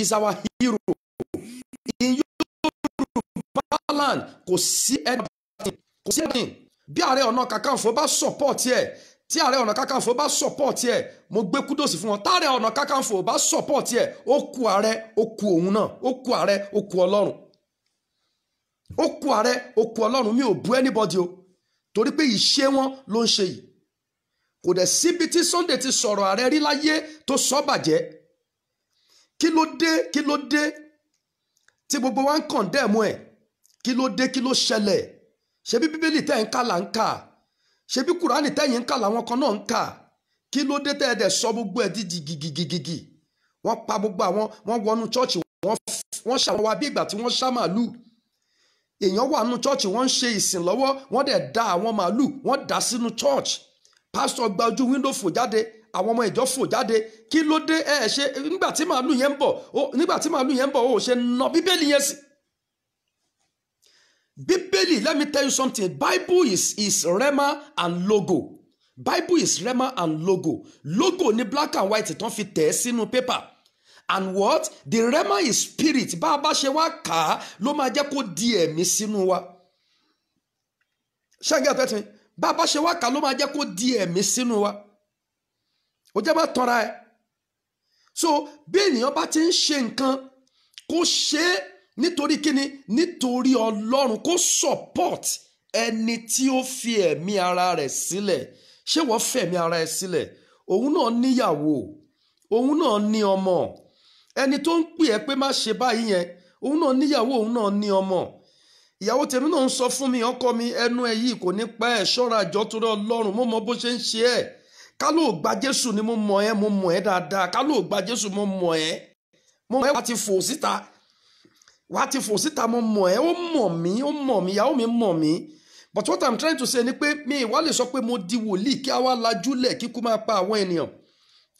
is our hero in Yorùbá Balan kò sí ẹni kò sí ẹni bí Ààrẹ Ọ̀nà Kakanfò bá support ẹ̀ tí ààrẹ ọ̀nà kakanfò bá sọ̀pọ̀tì ẹ̀ mo gbé kúdòsì fún wọn táàrẹ ọ̀nà kakanfò bá sọ̀pọ̀tì ẹ̀ ó ku ààrẹ ó ku òun náà ó ku ààrẹ ó ku ọlọ́run ó ku ààrẹ ó ku ọlọ́run mi ò bu anybody o torí pé ìṣe wọn ló ń ṣe yìí kò dẹ̀ síbi tí Sunday ti sọ̀rọ̀ ààrẹ rí láyé tó sọ bàjẹ́ kí ló dé kí ló dé tí gbogbo wa ń kàn dẹ́mu ẹ̀ kí ló dé kí ló ṣẹlẹ̀ ṣebí bíbélì tẹ́ ń kà là ń kà á ṣebí kúránì tẹ́yìn ń kà làwọn kan náà ń kà kí ló dé tẹ́ẹ̀dẹ̀ sọ gbogbo ẹ̀ dídì gìgìgìgì wọ́n pa gbogbo àwọn wọ́n wọnú chọ́ọ̀chì wọ́n ṣàwọn wa bí ìgbà tí wọ́n ṣá màálù èèyàn wà nínú chọ́ọ̀chì wọ́n ń ṣe ìsìn lọ́wọ́ wọ́n dẹ̀ da àwọn màálù wọ́n dà sínú chọ́ọ̀chì pásítọ̀ gba ojú wíńdò fò jáde àwọn ọmọ ìjọ fò jáde kí ló dé ẹ ṣe nígbà tí màálù yẹn ń bọ̀ nígbà tí màálù yẹn ń bọ̀ ó ṣe nà bíbélì yẹn sí bíbélì let me tell you something bible is is rema and logo bible is rema and logo logo ni black and white tán fi tẹ̀ sínú paper and what the rema is spirit bá a bá ṣe wá kà á ló máa jẹ́ kó di ẹ̀mí sínú wa ṣẹ́ńgẹ́ tẹ́tí bá a bá ṣe wá kà á ló máa jẹ́ kó di ẹ̀mí sínú wa ó jẹ́ bá tọ́ra ẹ̀ so bí ènìyàn bá ti ń ṣe nǹkan kó ṣe é nítorí kíni nítorí ọlọ́run kó support ẹni tí ó fi ẹ̀mí ara rẹ̀ sílẹ̀ ṣé wọ́n fẹ̀mí ara ẹ sílẹ̀ òun náà níyàwó òun náà ní ọmọ ẹni tó ń pè ẹ́ pé má ṣe báyìí yẹn òun náà níyàwó òun náà ní ọmọ ìyàwó tèmi náà ń sọ fún mi ọkọ mi ẹnu ẹ yìí kò ní pa ẹ ṣọ́ra àjọ torí ọlọ́run mo mọ bó ṣe ń ṣe ẹ ká ló jésù ni mo mọ ẹ mo mọ ẹ dáadáa ká ló gba jésù mo mọ ẹ mo mọ ẹ wá ti fò síta wàá ti fò síta mo mọ̀ ẹ́ ó mọ̀ mí ó mọ̀ mí ìyàwó mi mọ̀ mí but what i'm trying to say ni pé mi ìwà lè sọ pé mo di wòlíì kí a wá lajúlẹ̀ kíkú máa pa àwọn ènìyàn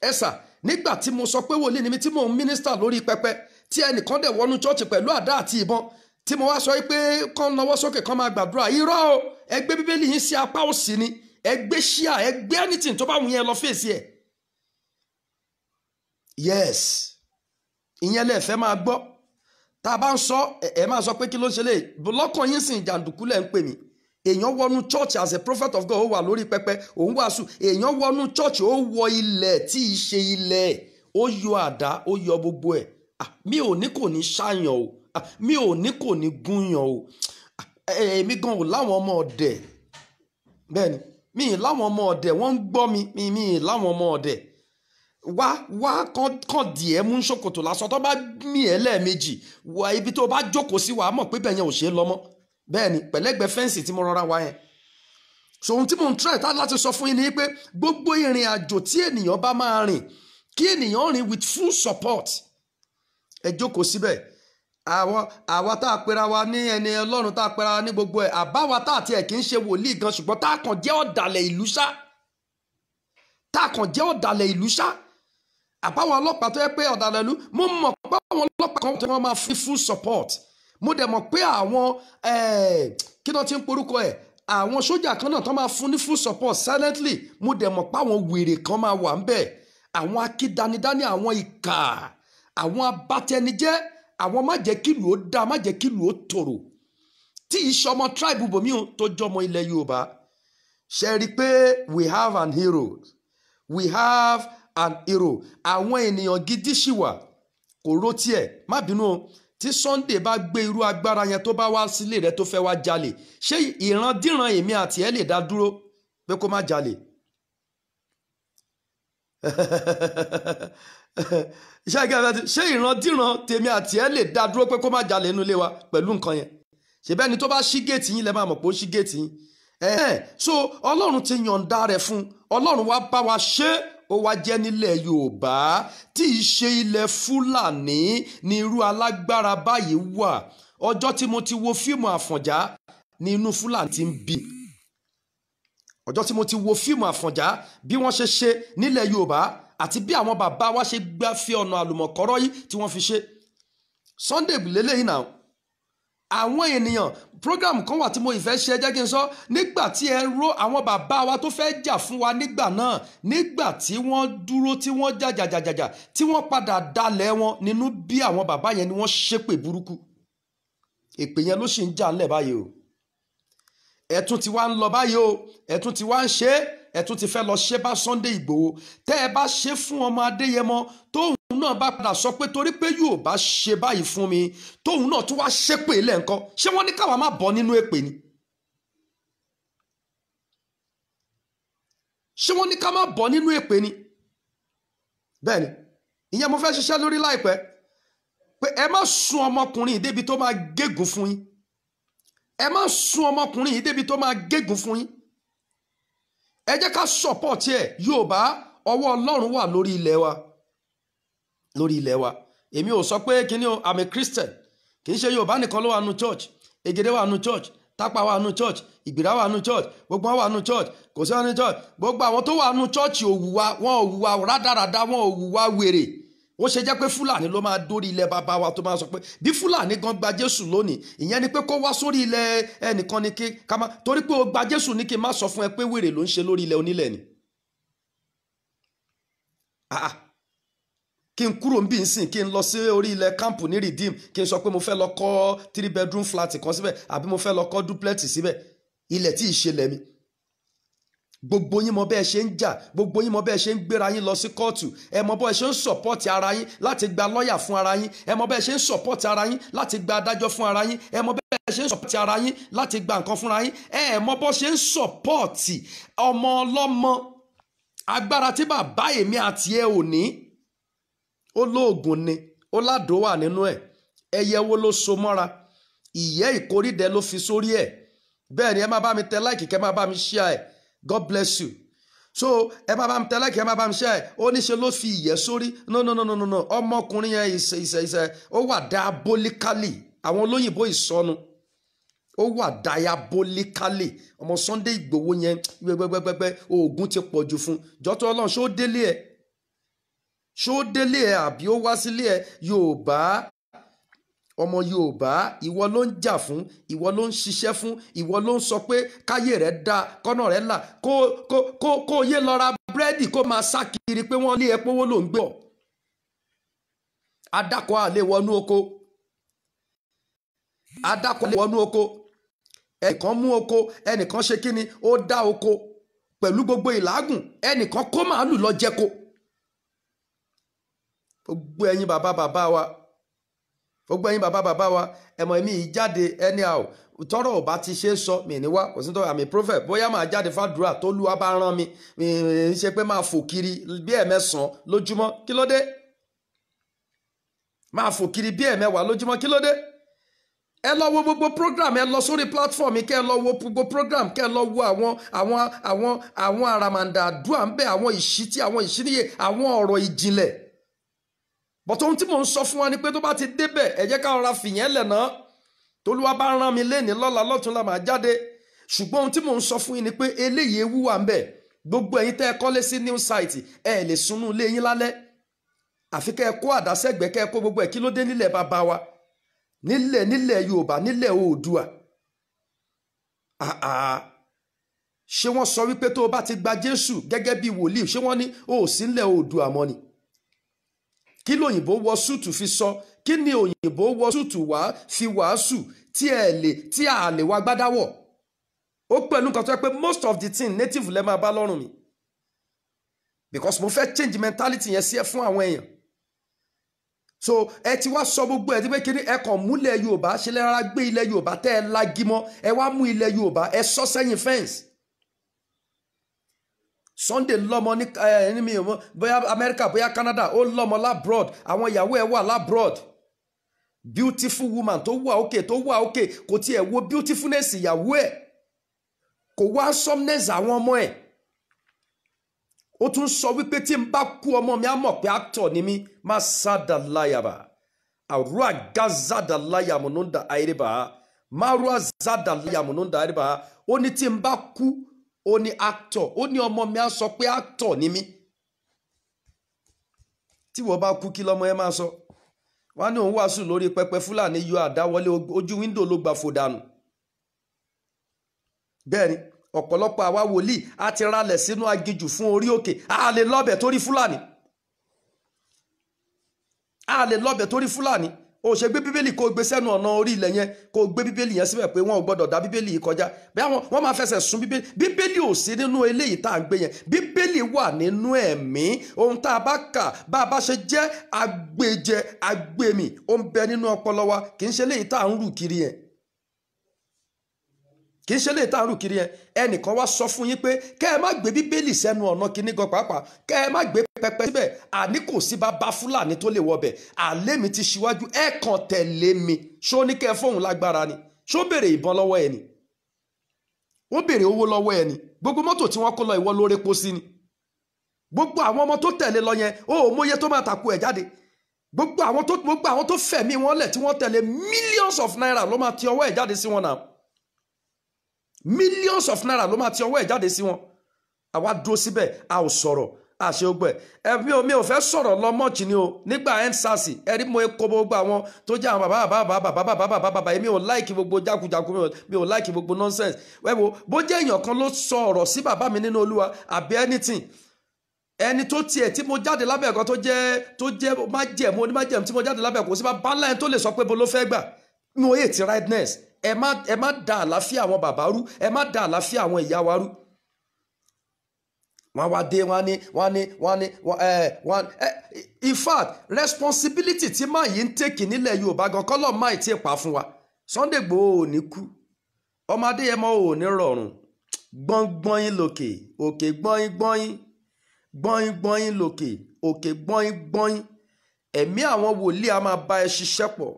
ẹ sà nígbà tí mo sọ pé wòlíì ni mi tí mò ń mínísítà lórí pẹpẹ tí ẹnìkan dẹ̀ wọnú chọ́ọ̀chì pẹ̀lú àdá àti ìbọn tí mo wá sọ pé kán lọ́wọ́ sókè kán máa gbàdúrà irọ́ o ẹ bíbélì yín sí apá òsì ni ẹ ṣíà ẹ anything tó bá wù yẹn lọ fèsì ẹ̀ yes ìyẹn lẹ fẹ́ máa gbọ́ tá a bá ń sọ ẹ máa sọ pé kí ló ń ṣe lè lọ́kàn yín sìn jàǹdùkú lẹ̀ ń pè mí èèyàn wọnú church as a prophet of God ó wà lórí pẹpẹ òun wàásù èèyàn wọnú church ó wọ ilẹ̀ tí í ṣe ilẹ̀ ó yọ àdá ó yọ gbogbo ẹ̀ mi ò ní kò ní ṣàyàn o mi ò ní kò ní gúnyàn o èmi gan ò láwọn ọmọ ọdẹ bẹ́ẹ̀ mi ì láwọn ọmọ ọdẹ wọ́n ń gbọ́ mi mi ì láwọn ọmọ ọdẹ wá wá kàn díẹ̀ mú ṣòkòtò lásán tó bá mì ẹ́ lẹ́ẹ̀mejì wà ibi tó bá jókòó sí wàá mọ̀ pé bẹ́ẹ̀ yẹn ò ṣe é lọ mọ́ bẹ́ẹ̀ ni pẹ̀lẹ́gbẹ́ fẹ́ǹsì tí mo rọra wá yẹn ṣòun tí mò ń try láti sọ fún yín ni pé gbogbo ìrìn àjò tí ènìyàn bá máa rìn kí ènìyàn rìn with full support ẹ jókòó síbẹ̀ àwa tá a pera wa ní ẹni ọlọ́run tá a pera wa ní gbogbo ẹ̀ àbáwa tá àti ẹ̀ kì í ṣe wòlíì gan ṣùgbọ́n tá a kàn jẹ́ ọ̀dàlẹ̀ ìlú ṣá tá a kàn jẹ́ ọ̀dàlẹ̀ ìlú ṣá àbáwọn ọlọ́pàá tó yẹ pé ọ̀dàlẹ́lú mo mọ̀ pé àwọn ọlọ́pàá kan tó wọ́n máa fi full support mo dẹ̀ mọ̀ pé àwọn kí ló ti ń porúkọ ẹ̀ àwọn sójà kan náà tó máa fún ní full support silently mo dẹ̀ mọ̀ pé àwọn wèrè kan máa wà ń bẹ̀ àwọn akídanidání àwọn ìkà àwọn abatẹnijẹ́ àwọn má jẹ́ kílù ó dáa má jẹ́ kílù ó tòrò tí ìṣọmọ tribe bòmí tó jọmọ ilẹ̀ Yorùbá ṣe rí pé we have an hero we have and Hero àwọn ènìyàn gidi ṣì wà kò ró tiẹ̀ má bínú o tí Sunday bá gbé irú agbára yẹn tó bá wá sílé rẹ tó fẹ́ wá jalè ṣé ìrandíran èmi àti ẹ lè dá dúró pé kó má jalè ṣé ìrandíran tèmi àti ẹ lè dá dúró pé kó má jalè nínú wa pẹ̀lú nǹkan yẹn ṣèbẹ́ ni tó bá ṣí géètì yín lẹ́ máa mọ̀ pé ó ṣí géètì yín so ọlọ́run ti yọ̀ǹda rẹ̀ fún ọlọ́run wá bá wa ṣe é ó wá jẹ́ nílẹ̀ yorùbá tí í ṣe ilẹ̀ fúlàní ni irú alágbára báyìí wà ọjọ́ tí mo ti wo fíìmù àfọ̀njá ni inú fúlàní ti ń bí ọjọ́ tí mo ti wo fíìmù àfọ̀njá bí wọ́n ṣe ṣe nílẹ̀ yorùbá àti bí àwọn bàbá wa ṣe gbá fi ọ̀nà àlùmọ̀kọ́rọ́ yìí tí wọ́n fi ṣe Sunday lélẹ́yìn náà àwọn ènìyàn program kan wà tí mo ìfẹ́ ṣe jẹ́ kí n sọ nígbà tí ẹ ró àwọn bàbá wa tó fẹ́ jà fún wa nígbà náà nígbà tí wọ́n dúró tí wọ́n jàjàjàjà tí wọ́n padà dalẹ̀ wọn nínú bí àwọn bàbá yẹn ni wọ́n ṣépè burúkú èpè yẹn ló sì ń jà ńlẹ̀ báyìí o ẹ̀tún ti wá ń lọ báyìí o ẹ̀tún ti wá ń ṣe ẹ̀tún ti fẹ́ lọ ṣe bá Sunday Ìgbòho tẹ́ ẹ bá ṣe fún ọmọ Adéyẹmọ tó tóun náà bá padà sọ pé torí pé yóò bá ṣe báyìí fún mi tóun náà tún wá ṣépè lẹ́ǹkan ṣé wọ́n ní káwa má bọ́ nínú èpè ni. ṣé wọ́n ní ká má bọ́ nínú èpè ni. bẹ́ẹ̀ni ìyẹn mo fẹ́ ṣiṣẹ́ lórí láìpẹ́ pé ẹ má sun ọmọkùnrin yìí débi tó máa gégùn fún yín ẹ má sun ọmọkùnrin yìí débi tó máa gégùn fún yín ẹ jẹ́ ká sọ̀pọ̀tì ẹ̀ yóò ọwọ́ ọlọ́run wà lórí ilẹ̀ wa lórí ilẹ̀ wa èmi ò sọ pé kíní o àmì christian kì í ṣe yorùbá nìkan ló wà church ègèdè wà nù church tápà wà nù church ìgbìrà wà nù church gbogbo wọn wà nù church kò sí wọn ní church gbogbo àwọn tó wà nù church òwúwa wọn òwúwa rádaràda wọn òwúwa wèrè ó ṣe jẹ́ pé fúlàní ló máa dórí ilẹ̀ bàbá wa tó máa sọ pé bí fúlàní gan gba jésù lónìí ìyẹn ni pé kó wá sórí ilẹ̀ ẹnìkan ni kí ká má torí pé o gba jésù ní kí n má sọ fún ẹ pé wèrè ló ń ṣe lórí ilẹ̀ onílẹ̀ ni. ah, ah kí n kúrò níbí nsìn kí n lọ sí orí ilẹ̀ kámpù ní redeem kí n sọ pé mo fẹ́ lọ kọ́ three bedroom flat kan síbẹ̀ àbí mo fẹ́ lọ kọ́ duplex síbẹ̀ ilẹ̀ tí ì ṣe lẹ́mi gbogbo yín mọ bẹ́ẹ̀ ṣe ń jà gbogbo yín mọ bẹ́ẹ̀ ṣe ń gbéra yín lọ sí kóòtù ẹ mọ bẹ́ẹ̀ ṣe ń sọ̀pọ́ọ̀tì ara yín láti gba lọ́ọ̀yà fún ara yín ẹ mọ bẹ́ẹ̀ ṣe ń sọ̀pọ́ọ̀tì ara yín láti gba adájọ́ fún ara yín ẹ mọ bẹ́ẹ̀ ṣe ń sọ̀pọ́ọ̀tì ara yín láti gba nǹkan fúnra yín ẹ mọ bọ́ ṣe ń sọ̀pọ́ọ̀tì ọmọ ọlọ́mọ agbára tí bàbá èmi àti ẹ ò ní ó lóògùn ni ó ládòó wà nínú ẹ̀ ẹyẹ wo ló so mọ́ra ìyẹ́ ìkórìdẹ ló fi sórí ẹ̀ bẹ́ẹ̀ ni ẹ máa bá mi tẹ láìkì kẹ́ máa bá mi share ẹ̀ God bless you so ẹ máa bá mi tẹ láìkì ẹ máa bá mi share ẹ̀ ó níṣe ló fi ìyẹ́ sórí no no no no no ọmọkùnrin yẹn ìṣe ìṣe ìṣe ó wà diabolically àwọn olóyìnbó ìsọnu ó wà diabolically ọmọ Sunday Ìgbòho yẹn gbẹgbẹgbẹgbẹ oògùn ti pọ̀jù fún jọ́tọ̀ ọlọ́run ṣó délé ẹ̀ ṣó délé ẹ àbí ó wá sílé ẹ Yorùbá ọmọ Yorùbá ìwọ ló ń jà fún ìwọ ló ń ṣiṣẹ́ fún ìwọ ló ń sọ pé káyé rẹ̀ dá kọ́nà rẹ̀ là kó kó kó kó yé lọ ra búrẹ́dì kó máa sá kiri pé wọ́n lé ẹ pówó ló ń gbé ọ̀ àlè wọnú oko adakọ̀ àlè wọnú oko ẹnìkan mú oko ẹnìkan ṣe kíni ó dá oko pẹ̀lú gbogbo ìlàágùn ẹnìkan kó màálù lọ jẹko gbogbo ẹ̀yin bàbá bàbá wa gbogbo ẹ̀yin bàbá bàbá wa ẹmọ mi jáde anyhow tọrọ ò bá ti ṣe é sọ mi ní wá kò sí tọ àmì prophet bóyá màá jáde fàdúrà tó lù wá bá rán mi mi ń ṣe pé máa fò kiri bí ẹ̀mẹ́sàn lójúmọ́ kí ló dé máa fò kiri bí ẹ̀mẹ́wàá lójúmọ́ kí ló dé ẹ lọ wo gbogbo program ẹ lọ sórí platform kẹ ẹ lọ wo gbogbo program kẹ ẹ lọ wo àwọn àwọn àwọn àwọn àràmàǹdà àdúrà ń bẹ àwọn ìṣítí àwọn ìṣíníye àwọn ọ̀rọ̀ ìjìnlẹ̀ bọ́tọ̀ ohun tí mò ń sọ fún wa ni pé tó bá ti débẹ̀ ẹ jẹ́ ká rọra fìyẹn lẹ̀ náà tolúwa bá rán mi lénìí lọ́la lọ́tún la máa jáde ṣùgbọ́n ohun tí mò ń sọ fún yín ni pé eléyìí ewu wà ń bẹ gbogbo ẹ̀yin tẹ́ ẹ kọ́lé sí new site ẹ lè sunú ilé yín lálẹ́ àfi kẹ́ ẹ kó àdásẹ́gbẹ́ kẹ́ ẹ kó gbogbo ẹ̀ kí ló dé nílẹ̀ bàbá wa nílẹ̀ nílẹ̀ Yorùbá nílẹ̀ Oòduà àà ṣé wọ́n sọ wípé tó o bá ti gba Jésù gẹ́gẹ́ bí wòlíì ṣé wọ́n ní o ò mọ́ ni kí lóyìnbó wọ súùtù fi sọ kí ni òyìnbó wọ súùtù wá fi wàásù tí ẹ lè tí a lè wá gbádáwọ̀ ó pẹ̀lú nǹkan tó yẹ pé most of the thing native lẹ́ máa bá lọ́rùn mi because mo fẹ́ change mentality yẹn sí ẹ fún àwọn èèyàn so ẹ ti wá sọ gbogbo ẹ ti pé kiri ẹ kàn mú ilẹ̀ yorùbá ṣe lẹ́ra gbé ilẹ̀ yorùbá tẹ́ ẹ lagimọ́ ẹ wá mú ilẹ̀ yorùbá ẹ sọ sẹ́yìn fẹ́ǹsì Sunday lọ́mọ ní ẹni mi ò bóyá America bóyá Canada ó lọ́mọ labroad àwọn ìyàwó ẹ̀ wà labroad beautiful woman tó wà òkè tó wà òkè kò tiẹ̀ wo beautifulness ìyàwó ẹ̀ kò wá sọmness àwọn ọmọ ẹ̀ ó tún sọ wípé tí n bá kú ọmọ mi á mọ̀ pé actor ni mí má sáda láyàbá àrùn àga zada láyàmùnúndà àìrèbà má rú àzada láyàmùnúndà àìrèbà ó ní tí n bá kú ó ní aktọ ó ní ọmọ mi á sọ pé aktọ ni mí tí wọ́n bá kú kí lọ́mọ ẹ máa sọ wá ní òun wàásù lórí pẹpẹ fúlàní yọ àdáwọlé ojú wíńdò ló gbà fòdànù bẹ́ẹ̀ ni ọ̀pọ̀lọpọ̀ àwa wòlíì á ti ralẹ sínú aginjù fún orí òkè a lè lọbẹ torí fúlàní a lè lọbẹ torí fúlàní o ṣe gbé bíbélì kó gbé sẹ́nu ọ̀nà orí ilẹ̀ yẹn kó gbé bíbélì yẹn síbẹ̀ pé wọn ò gbọ́dọ̀ dá bíbélì yìí kọjá bẹ́ẹ̀ àwọn wọ́n máa fẹsẹ̀ sun bíbélì bíbélì ò sí nínú eléyìí tá à ń gbé yẹn bíbélì wà nínú ẹ̀mí ohun tá a bá kà bá a bá ṣe jẹ́ agbèjẹ agbèmí ó ń bẹ nínú ọpọlọ wa kì í ṣe eléyìí tá à ń rù kiri yẹn kì í ṣe lè tààrù kiri ẹ ẹnìkan wá sọ fún yín pé kẹ ẹ má gbé bíbélì sẹ́nu ọ̀nà kíní gan pàápàá kẹ ẹ má gbé pẹpẹ síbẹ̀ àní kò sí bàbá fúlàní tó lè wọbẹ̀ àlé mi ti ṣíwájú ẹ kàn tẹ̀lé mi ṣó ní kẹ fóun lágbára ni ṣó béèrè ìbọn lọ́wọ́ ẹ ni wọ́n béèrè owó lọ́wọ́ ẹ ni gbogbo mọ́tò tí wọ́n kó lọ ìwọ lóore po sí ni gbogbo àwọn ọmọ tó tẹ̀lé lọ yẹn ó mọye tó máa takú ẹ̀ jáde gbogbo àwọn tó fẹ̀mí wọn lẹ̀ tí wọ́n tẹ̀lé millions of naira ló máa ti ọwọ́ ẹ̀ jáde sí wọn náà millions of naira ló máa ti ọwọ́ ẹ̀ jáde sí wọn àwa dúró síbẹ̀ a ò sọ̀rọ̀ àṣẹ ogbẹ ẹbí omi ò fẹ́ sọ̀rọ̀ lọ mọọchì ni o nígbà endsars ẹrí mo kó gbogbo àwọn tó jẹ àwọn bàbá bàbá bàbá bàbá bàbá bàbá èmi ò láìkì gbogbo jákujàku mi ò láìkì gbogbo nonsense wẹ́wo bó jẹ́ èèyàn kan ló sọ ọ̀rọ̀ sí bàbá mi nínú olúwa àbí anything ẹni tó tiẹ̀ tí mo jáde lábẹ́ ẹ̀kọ́ tó jẹ́ tó jẹ́ májẹ̀mú onímájẹ̀mú tí mo jáde lábẹ́ ẹ̀kọ́ sí bá bá láyẹn tó lè sọ pé bo ló fẹ́ gbà mi ò yé ti rightness ẹ má da àlàáfíà àwọn bàbá rú ẹ má da àlàáfíà àwọn ìyá wa rú wọ́n wá dé wọ́n ní wọ́n ní wọ́n ní wọ́n in fact responsibility ti máa yìí ń tèkì nílẹ̀ Yorùbá gan kọ́lọ̀ máa ti pa fún wa Sunday Igboho ò ní kú ọmọ Adéyẹmọ ò ní rọrùn gbọ́ngbọ́n lòkè òkè gbọ́n gbọ́n gbọ́n gbọ́n lòkè òkè gbọ́n ẹ̀mí àwọn wòlíì a máa bá ẹ ṣiṣẹ́ pọ̀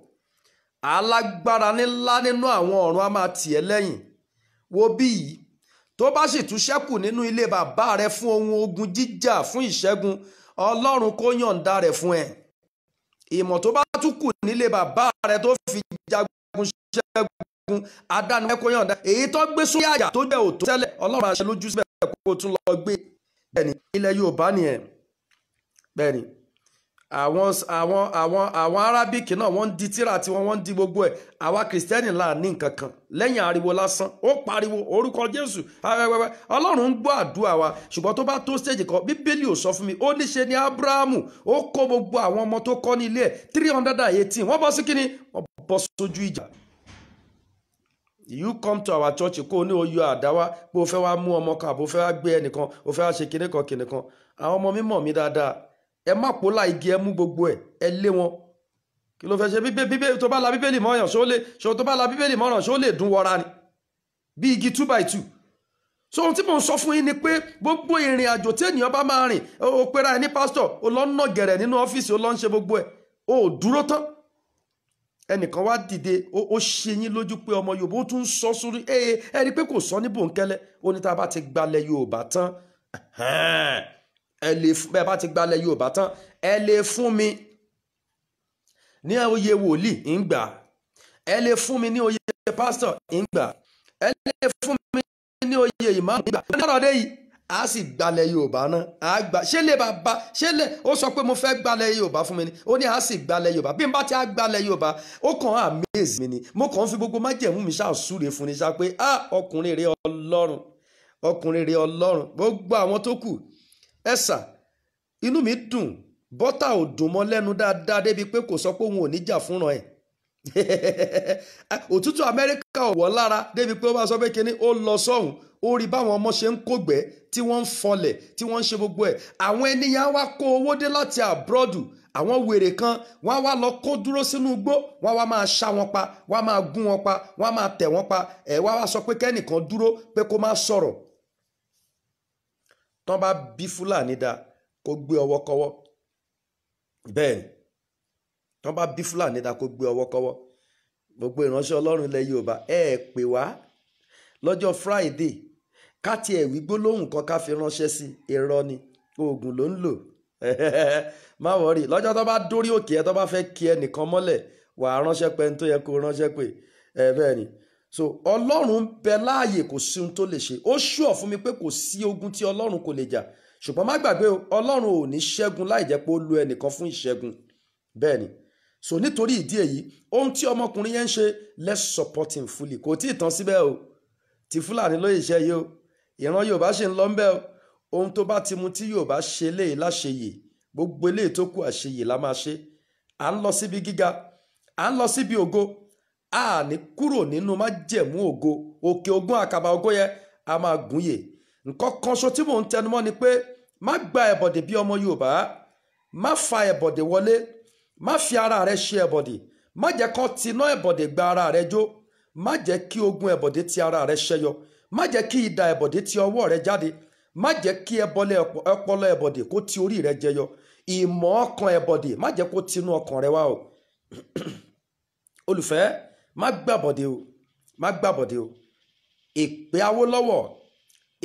alágbára ńlá nínú àwọn ọ̀run á máa tì ẹ́ lẹ́yìn wo bí yìí tó bá sì tún ṣẹ́kù nínú ilé bàbá rẹ fún ohun ogun jíjà fún ìṣẹ́gun ọlọ́run kó yọ̀ǹda rẹ̀ fún ẹ ìmọ̀ tó bá tún kù nílé bàbá rẹ tó fi jagun ṣẹ́gun adánimẹ́ kó yọ̀ǹda èyí tó gbé sórí àjà tó jẹ́ òtó tẹ́lẹ̀ ọlọ́run àṣẹ lójú síbẹ̀ kó tún lọ gbé bẹ́ẹ̀ ni ilẹ̀ Yorùbá nìyẹn bẹ́ẹ̀ ni àwọn àwọn àwọn àwọn arabic náà wọ́n ń di tíra tiwọn wọ́n ń di gbogbo ẹ̀ àwa kìrìsìtẹ́nì là ní nǹkan kan lẹ́yìn ariwo lásán ó pariwo orúkọ jésù awẹ́wẹ́wẹ́ ọlọ́run ń gbọ́ àdúrà wa ṣùgbọ́n tó bá tó stage kan bíbélì ò sọ fún mi ó ní ṣe ni abrahamu ó kó gbogbo àwọn ọmọ tó kọ́ ní ilé ẹ̀ three hundred and eighteen wọ́n bọ́ sí kíni wọ́n bọ́ sójú ìjà you come to our church kó o ní oyún àdáwá pé o fẹ́ wá mú ọmọ kan àbò fẹ́ wá gbé ẹnìkan o fẹ́ wá ṣe kinní kan kinní kan àwọn ọmọ mi dáadáa ẹ má pòólà igi ẹ mú gbogbo ẹ ẹ lé wọn kí ló fẹ́ ṣe bíbélì tó bá la bíbélì mọ́yàn ṣó lè ṣó tó bá la bíbélì mọ́ràn ṣó lè dún wọra ni bí igi two by two so ohun tí mò ń sọ fún yín ni pé gbogbo ìrìn àjò tí ènìyàn bá máa rìn ó pera ẹ ní pásítọ̀ ó lọ ń nà gẹ̀rẹ̀ nínú ọ́fíìsì ó lọ ń ṣe gbogbo ẹ̀ ó dúró tán ẹnìkan wá dìde ó ṣe yín lójú pé ọmọ yorùbá ó tún sọ sórí ẹ ẹ rí i pé kò sọ ní bòńkẹ́lẹ́ ó ní tá a bá ti gbalẹ̀ yorùbá tán ẹ lè fún bẹ́ẹ̀ bá ti gbalẹ̀ yorùbá tán ẹ lè fún mi ní oyè wòlíì ń gbà ẹ lè fún mi ní oyè pásítọ̀ ń gbà ẹ lè fún mi ní oyè ìmáàmù ń gbà ní dé yìí a sì gbalẹ̀ yorùbá náà a gbà ṣé lè bàbá ṣé lè ó sọ pé mo fẹ́ gbalẹ̀ yorùbá fún mi ni ó ní a sì gbalẹ̀ yorùbá bí n bá ti á gbalẹ̀ yorùbá ó kàn án amaze mi ni mo kàn ń fi gbogbo májẹ̀mú mi ṣàṣúre fún ni ṣá pé ah ọkùnrin rẹ ọlọ́run ọkùnrin rẹ ọlọ́run gbogbo àwọn tó kù ẹ̀sà inú mi dùn bọ́tà ò dùn mọ́ lẹ́nu dáadáa débi pé kò sọ pé òun ò ní jà fúnra ẹ̀ òtútù amẹ́ríkà ọ̀wọ́ lára débi pé ó bá sọ pé kínní ó lọ sọ́hùn ó rí báwọn ọmọ ṣe ń kógbẹ́ tí wọ́n ń fọlẹ̀ tí wọ́n ń ṣe gbogbo ẹ̀ àwọn ènìyàn wá kó owó dé láti àbúrọ́dù àwọn wèrè kan wọ́n wá lọ kó dúró sínú igbó wọ́n wá máa ṣá wọn pa wọ́n máa gún wọn pa wọ́n máa tẹ̀ wọn pa ẹ̀ wá wá sọ pé kẹ́nìkan dúró pé kó má sọ̀rọ̀ tán bá bí fúlàní dáa kó gbé ọwọ́ kọ́wọ́ bẹ́ẹ̀ ni tán bá bí fúlàní dáa kó gbé ọwọ́ kọ́wọ́ gbogbo ìránṣẹ́ ọlọ́run ilẹ̀ yorùbá ẹ ẹ pè wá lọ́jọ́ friday ká tiẹ̀ wí gbólóhùn kan ká fi ránṣẹ́ sí irọ́ ni oògùn ló ń lò má wọrí lọ́jọ́ tó bá dórí òkè ẹ tó bá fẹ́ kí ẹnìkan mọ́lẹ̀ wàá ránṣẹ́ pé ní tó yẹ kó ránṣẹ́ pé ẹ bẹ́ẹ̀ ni so ọlọ́run ń bẹ láàyè kò sí ohun tó lè ṣe ó ṣùọ̀ fún mi pé kò sí ogun tí ọlọ́run kò lè jà ṣùgbọ́n má gbàgbé ọlọ́run ò ní ṣẹ́gun láì jẹ́ pé ó lo ẹnìkan fún ìṣẹ́gun bẹ́ẹ̀ ni so nítorí ìdí èyí ohun tí ọmọkùnrin yẹn ń ṣe let's support him fully kò tí ì tán síbẹ̀ o ti fúlàní lóye iṣẹ́ yìí o ìran yorùbá ṣe ń lọ ń bẹ́ o ohun tó bá ti mu tí yorùbá ṣe léyìí láṣeyè gbogbo eléyìí tó kù àṣeyè la máa ṣe à ń lọ síbi gíga à ń lọ síbi ògo a ní kúrò nínú má májẹ̀mú ògo òkè ogún àkàbà ògo yẹn a máa gùn yè nǹkan kan tí mò ń tẹnumọ́ ni pé má gba ẹ̀bọ̀dè bí ọmọ yorùbá má fa ẹ̀bọ̀dè wọlé má fi ara rẹ ṣe ẹ̀bọ̀dè má jẹ́ kó tiná ẹ̀bọ̀dè gba ara rẹ jó má jẹ́ kí ogun ẹ̀bọ̀dè ti ara rẹ ṣẹyọ má jẹ́ kí idà ẹ̀bọ̀dè ti ọwọ́ rẹ jáde má jẹ́ kí ọpọlọ ẹ̀bọ̀dè kó ti orí rẹ jẹyọ ìmọ̀ ọkàn ẹ̀bọ̀dè má jẹ́ kó tinú ọkàn rẹ wá o olùfẹ́ má gbàbọ̀dé o má gbàbọ̀dé o èpè Awólọ́wọ̀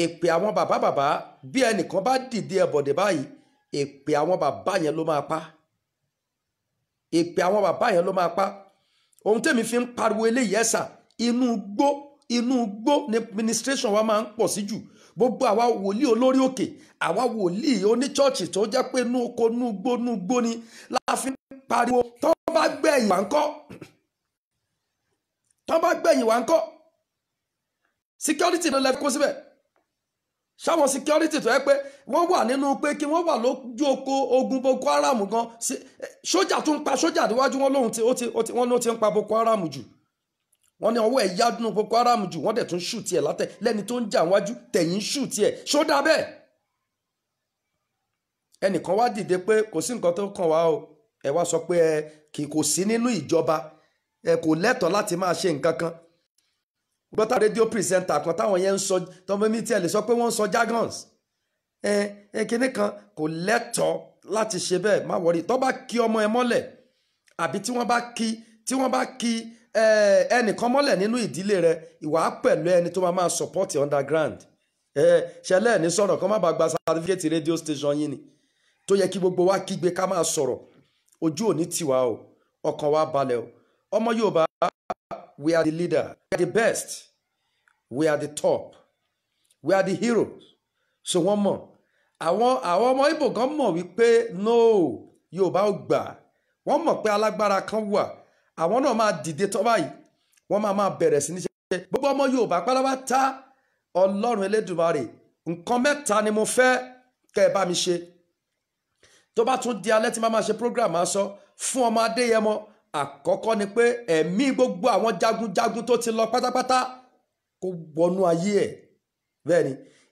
èpè àwọn bàbá bàbá bí ẹnìkan bá dìde ẹ̀bọ̀dé báyìí èpè àwọn bàbá yẹn ló máa pa èpè àwọn bàbá yẹn ló máa pa ohun tẹ́mi fi ń pariwo eléyìí ẹ̀sà inú gbó inú gbó ni administration wa máa ń pọ̀ sí jù gbogbo àwa wòlíì olórí òkè àwa wòlíì oníchọ́ọ̀chì tó jẹ́ pé inú oko inú gbó inú gbó ni láàfin pariwo tó bá gbẹ̀yìn wá ń kọ́ tán bá gbẹ̀yìn wá ń kọ́ security ló lẹ kó síbẹ̀ sáwọn security tó yẹ pé wọ́n wà nínú pé kí wọ́n wà lójú oko ogun boko haram gan eh, sójà tó ń pa sójà níwájú wọn lóhun tí wọ́n ló ti ń pa boko haram jù wọ́n ní ọwọ́ ẹ̀ yádùn boko haram jù wọ́n dẹ̀ tún ṣù tiẹ̀ látẹ̀ lẹ́ni tó ń jà wájú tẹ̀yìn ṣù tiẹ̀ ṣó dá bẹ́ẹ̀ ẹnìkan wá dìde pé kò sí nǹkan tó kàn wá o ẹ wá sọ pé kì kò sí nínú ìjọba ẹ kò lẹ́tọ̀ọ́ láti máa ṣe nǹkan kan gbọ́tà rédíò pìrìsẹ́ńtà kan táwọn yẹn ń sọ tọmọ mi tiẹ̀ lè sọ pé wọ́n ń sọ jargons ẹ ẹ kíní kan kò lẹ́tọ̀ọ́ láti ṣe bẹ́ẹ̀ má wọrí tó bá kí ọmọ ẹ mọ́lẹ̀ àbí tí wọ́n bá kí tí wọ́n bá kí ẹnìkan mọ́lẹ̀ nínú ìdílé rẹ ìwà pẹ̀lú ẹni tó máa máa support underground ṣẹlẹ̀ ní sọ̀rọ̀ kan má bàa gba certificate radio station yín ni tó yẹ kí gbogbo wa kígbe ká máa sọ̀rọ̀ ojú òní tiwa o ọkàn wa balẹ̀ o ọmọ yorùbá we are the leader we are the best we are the top we are the heroes so wọ́n mọ̀ àwọn àwọn ọmọ Ìgbò gan mọ̀ wípé no yorùbá ò gbà wọ́n mọ̀ pé alágbára kan wà àwọn náà máa dìde tọ́ báyìí wọ́n máa máa bẹ̀rẹ̀ sí ní ṣe gbogbo ọmọ yorùbá pátápátá ọlọ́run elédùmarè nǹkan mẹ́ta ni mo fẹ́ kẹ́ ẹ bá mi ṣe tó bá tún di alẹ́ tí máa máa ṣe program máa sọ fún ọmọ adéyẹmọ àkọ́kọ́ ni pé ẹ̀mí gbogbo àwọn jagunjagun tó ti lọ pátápátá kó wọnú ayé ẹ̀ bẹ́ẹ̀ ni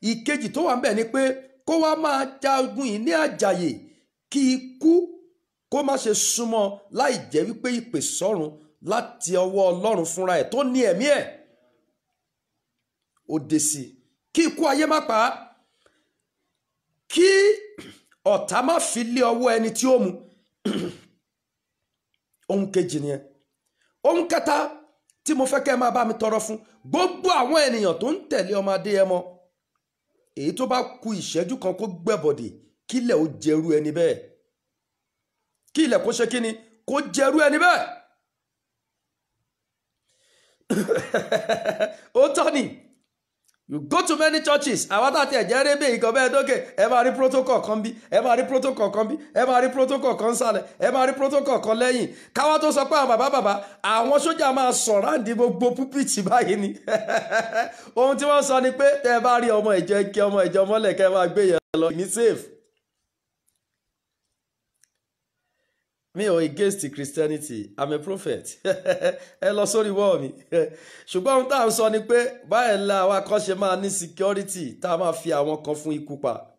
ìkejì tó wà ń bẹ̀ ni pé kó wá máa jagun yìí ní àjàyè kí ikú kó má ṣe súnmọ́ láì jẹ́ wípé ìpè sọ́run láti ọwọ́ ọlọ́run fúnra ẹ̀ tó ní ẹ̀mí ẹ̀ ó sí kí ikú ayé má pa á kí ọ̀tá má fi lé ọwọ́ ẹni tí ó mu ohun kejì nìyẹn ohun kẹta tí mo fẹ́ kẹ́ ẹ máa bá mi tọrọ fún gbogbo àwọn ènìyàn tó ń tẹ̀lé ọmọ Adéyẹmọ èyí tó bá ku ìṣẹ́jú kan kó gbẹ̀bọ̀dè kílẹ̀ ó jẹrú ẹni bẹ́ẹ̀ kílẹ̀ kó ṣe kíni kó jẹrú ẹni bẹ́ẹ̀ ó tọ́ ni you go to many churches àwọn àti ẹ̀jẹ̀ rébè ìkan bẹ́ẹ̀ dókè ẹ máa rí protocol kan bí ẹ máa rí protocol kan bí ẹ máa rí protocol kan sálẹ̀ ẹ máa rí protocol kan lẹ́yìn káwá tó sọ pé àwọn bàbá bàbá àwọn sójà máa sọ̀ráǹdì gbogbo púpìtì báyìí ni ohun tí wọ́n sọ ni pé tẹ́ ẹ bá rí ọmọ ìjọ ike ọmọ ìjọ mọ́lẹ̀ kẹ́ ẹ máa gbé yẹn lọ ní safe mi ò against christianity i'm a prophet ẹ lọ sórí wọ́ọ̀ mi ṣùgbọ́n ohun tá à ń sọ ni pé báyìí la àwa kan máa ní security tá a máa fi àwọn kan fún ikú pa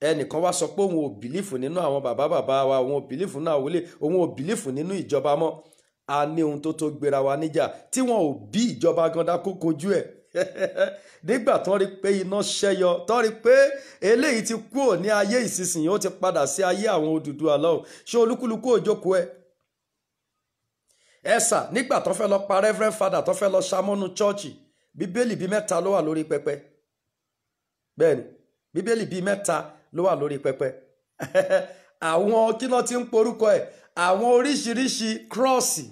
ẹnìkan wá sọ pé òun ò bìlífù nínú àwọn bàbá bàbá wa òun ò bìlífù nínú àwòlé òun ò bìlífù nínú ìjọba mọ́ a ní ohun tó tó gbéra wa níjà tí wọn ò bí ìjọba ganda kó kojú ẹ̀ nígbà tó rí pé iná ṣẹ́yọ tó rí pé eléyìí ti kúrò ní ayé ìsinsìnyí ó ti padà sí ayé àwọn Odùduwà lọ́hùn ṣé olúkúlùkù òjókòó ẹ̀ ẹ̀sà nígbà tó fẹ́ lọ pa reverend father tó fẹ́ lọ ṣamọ́nu chọ́ọ̀chì bíbélì bíi mẹ́ta ló wà lórí pẹpẹ bẹ́ẹ̀ni bíbélì bíi mẹ́ta ló wà lórí pẹpẹ àwọn kí ló ti ń porúkọ ẹ̀ àwọn oríṣiríṣi kírọ́ọ̀sì